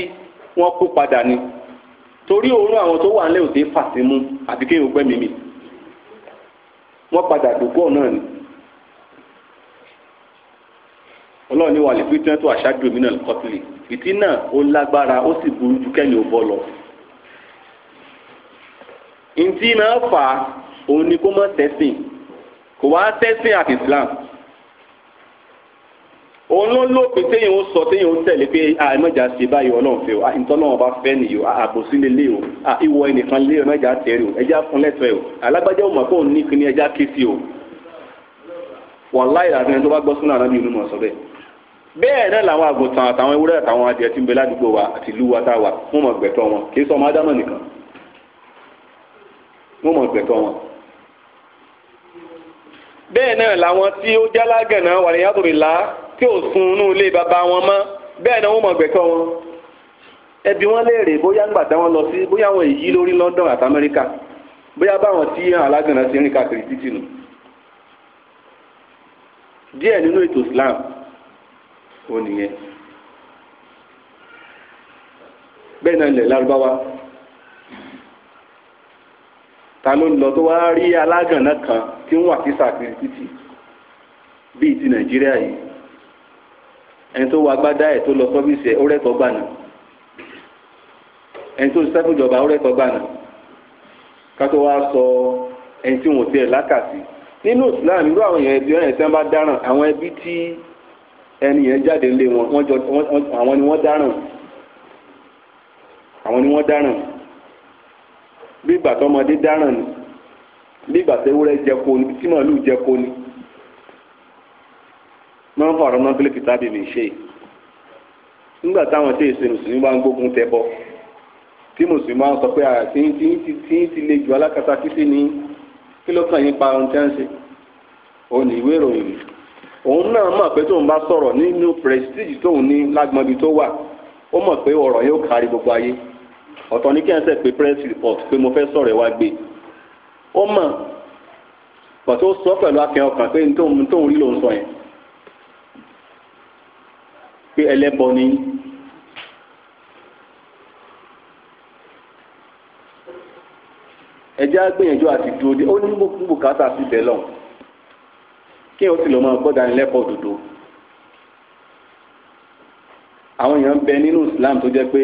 wọ́n kó padà ni torí òórùn àwọn tó wà nílẹ̀ òde fàṣímú àti kéèyàn gbẹ́mìí mi. mi wọ́n padà dògbò náà ni ọlọ́run ní wàlẹ̀ pété tó àṣáájú òmìnira kọ́tìlì fìtínà ó lágbára ó sì burú ju kẹ́yìn ó bọ́ lọ. ntí máa fà á òun ni kó mọ̀ tẹ́sìn kò wá tẹ́sìn àti Islam. òun lópin téèyàn ó sọ téèyàn ó tẹ̀lé pé àìmọ̀jà báyìí ọlọ́run fẹ́ o ìtọ́lọ́run bá fẹ́ nìyó o ìwọ ẹnìkan lé ẹ̀mọ̀jà tẹ̀rẹ̀ o ẹja fún o alágbájá ò mọ̀ pé òun ní kíní ẹja ké sí o wàláì àti ẹni tó bá gbọ́ sínú ànábì inú mọ̀ bẹ́ẹ̀. náà làwọn àgùntàn àtàwọn ewúrẹ́ àtàwọn adìẹ ti ń wa àti ìlú tí ò sun inú ilé bàbá wọn mọ́ bẹ́ẹ̀ ni wọ́n mọ̀ gbẹ̀tọ́ wọn ẹbí wọn léèrè bóyá ń gbàdá wọn lọ sí bóyá àwọn èyí lórí London àti Amẹ́ríkà bóyá báwọn tí alágbèrè ti rìn káàkiri títì nù díẹ̀ nínú ètò Islam ó nìyẹn bẹ́ẹ̀ náà ilẹ̀ lárúbáwá ta ló ń lọ tó wáá rí alágànná kan tí ń wà kí sàkiri títì bíi ti Nàìjíríà yìí ẹni tó wọ agbádá ẹ̀ tó lọ sọ́fíìsì ẹ̀ ó rẹ́kọ̀ọ́ gbà náà ẹni tó ṣiṣẹ́ fúnjọba ó rẹ́kọ̀ọ́ gbà náà kátó wá sọ ẹni tí wọn ò tiẹ̀ lákàtì nínú Islam irú àwọn èèyàn ẹbí ọ̀rẹ́ tí dáràn àwọn ẹbí tí ẹni yẹn jáde lé wọn àwọn ni wọ́n dáràn àwọn ni wọ́n dáràn bí ìgbà tọmọdé dáràn ni bí ìgbà tẹwúrẹ́ jẹko ni bí tí màálù jẹko ni máa ń fọ àrùn mọ́bílì kìtàbí mi ṣe nígbà táwọn tí èsè mùsùlùmí bá ń gbógun tẹ bọ tí mùsùlùmí máa ń sọ pé àrà tí ń ti tí ń ti le ju alákatá títí ní kí ló kàn yín pa ohun tí wọ́n ń ṣe òun ní ìwé ìròyìn ni òun náà mọ̀ pé tóun bá sọ̀rọ̀ nínú prestige tóun ní lágbọ́nbi tó wà ó mọ̀ pé ọ̀rọ̀ yóò kárí gbogbo ayé ọ̀tọ̀ ní kí ẹ̀ ń sẹ̀ pé press report pé mo fẹ́ sọ̀rọ̀ ẹ̀ wá gbé ó mọ̀ pọ̀ sọ pẹ̀lú akẹ́ ọkàn pé tóun rí lòun sọ yẹn pé ẹlẹ́bọ ni ẹjẹ́ agbìyànjú àti dúró dé ó ní bùkátà sí bẹ́ẹ̀ lọ kí o sì lọ máa gbọ́dọ̀ ànilẹ́kọ̀ọ́ òdodo àwọn èèyàn ń bẹ nínú Islam tó jẹ́ pé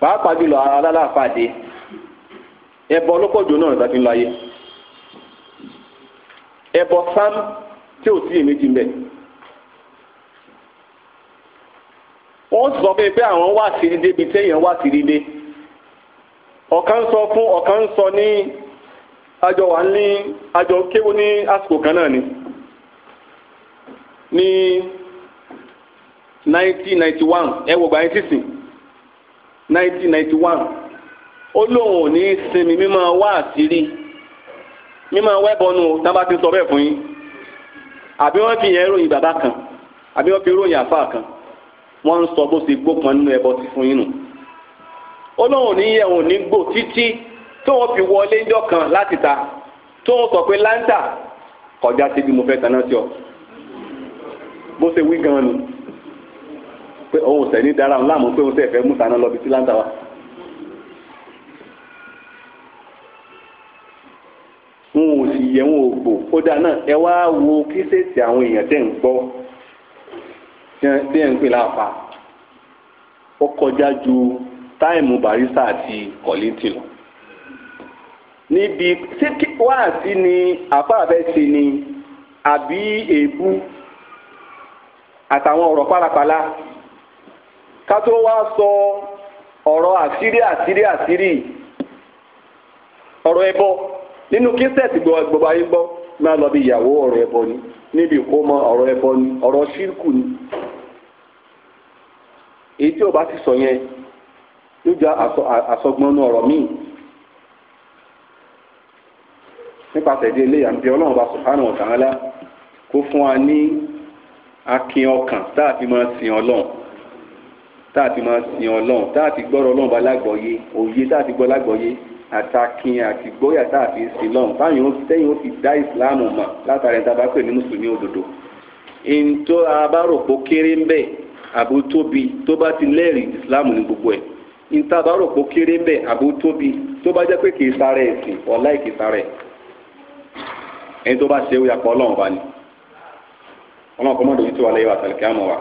pàápàá jùlọ alálàfàdé ẹbọ ọlọ́pọ̀jù náà nígbà tí ń lọ ayé ẹbọ sam tí ò sí èméjì ń bẹ. wọ́n sọ fún pé àwọn wà sí ní débi wà sí ilé ọ̀kan sọ fún ọ̀kan sọ ní àjọ wà ní àjọ kéwú ní àsìkò kan náà ní 1991 ẹwọ̀gbà gbà sísìn 1991 ó lóun ní sinmi mímọ wá àṣírí mímọ wẹ́bọnù tábà ti sọ bẹ́ẹ̀ fún yín àbí wọ́n fi ròyìn bàbá kan wọ́n ń sọ bó ṣe gbópọn nínú ẹbọ ti fún yín nù olóhùn ní yẹ òun ní gbò títí tó wọ́n fi wọlé ńjọ́ kan láti ta tó wọ́n sọ pé láńtà kọjá síbi mo fẹ́ tanná sí ọ bó ṣe wí gan-an nù pé òun ò sẹ́ni dára òun láàmú pé òun sẹ́ẹ̀fẹ́ mú tanná lọ bí sí láńtà wa. wọn ò sì yẹ wọn ò gbò kódà náà ẹ wá wo kí sèṣì àwọn èèyàn tẹ̀ ń gbọ́ tí ẹ̀ ń pè láàpá ó kọjá ju táìmù barista àti kọ̀lẹ́tì lọ níbi ṣé wáàsí ni àfáàfẹ́ ṣe ni àbí èébú àtàwọn ọ̀rọ̀ pálapàla ká tó wá sọ ọ̀rọ̀ àṣírí àṣírí àṣírí ọ̀rọ̀ ẹbọ nínú kíṣẹ́ẹ̀tì gbogbo ayé gbọ́ máa lọ bí ìyàwó ọ̀rọ̀ ẹbọ ni níbi ìkómọ ọ̀rọ̀ ẹbọ ni ọ̀rọ̀ ṣírkù ni èyí tí ọba ti sọ yẹn ló jẹ́ àsọgbọnú ọ̀rọ̀ míì nípasẹ̀ ìdí eléyà ń bí ọlọ́run bá subhanahu wa ta'ala kó fún wa ní akin ọkàn tá a fi máa sìn ọlọ́run tá a ti máa sìn ọlọ́run tá a ti gbọ́rọ̀ ọlọ́run bá lágbọ̀ọ́yé òye tá a ti gbọ́ lágbọ̀ọ́yé àtàkìn àti gbóyà tá a fi sìn lọ́run táyìn ó tẹ́yìn ó fi dá ìsìláàmù mọ̀ látàrí tá a bá pè ní mùsùlùmí òdodo. ìǹtọ́ abáròpó kéré ń bẹ́ẹ̀ àbó tóbi tó bá ti lẹ́rìí islam ní gbogbo ẹ̀ ìtàbárò pò kéré ń bẹ̀ àbó tóbi tó bá jẹ́ pé kì í sára ẹ̀sìn ọ̀la ìkì sára ẹni tó bá ṣe ó yàpọ̀ ọlọ́run bá ní ọlọ́run kọ́mọ́dé yìí tó wà lẹ́yìn àtàlẹ́ kíámọ̀ wa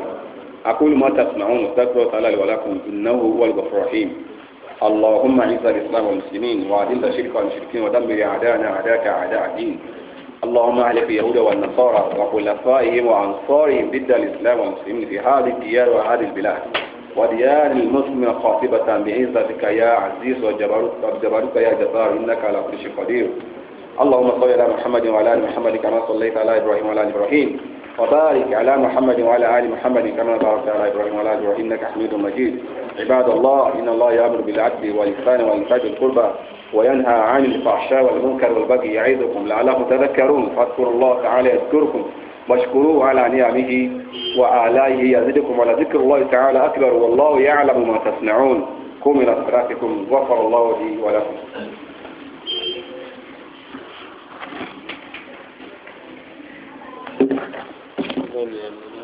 akólú mọ́tà sùnàwọn mùsàkúrọ̀ tààlà lè wà ìnáwó wà اللهم والمسلمين الشرك والمشركين ودمر اللهم اهلك يهود والنصارى وخلفائهم وانصارهم ضد الاسلام والمسلمين في هذه الديار وهذه البلاد وديار المسلمين خاطبة بعزتك يا عزيز وجبروتك يا جبار انك على كل شيء قدير اللهم صل على محمد وعلى ال محمد كما صليت على ابراهيم وعلى ال ابراهيم وبارك على محمد وعلى ال محمد كما باركت على ابراهيم وعلى ال ابراهيم انك حميد مجيد عباد الله ان الله يامر بالعدل والاحسان وايتاء القربى وينهى عن الفحشاء والمنكر والبغي يعظكم لعلكم تذكرون فاذكروا الله تعالى يذكركم واشكروه على نعمه وآلائه يزدكم ولذكر الله تعالى أكبر والله يعلم ما تصنعون قوموا إلى صلاتكم غفر الله لي ولكم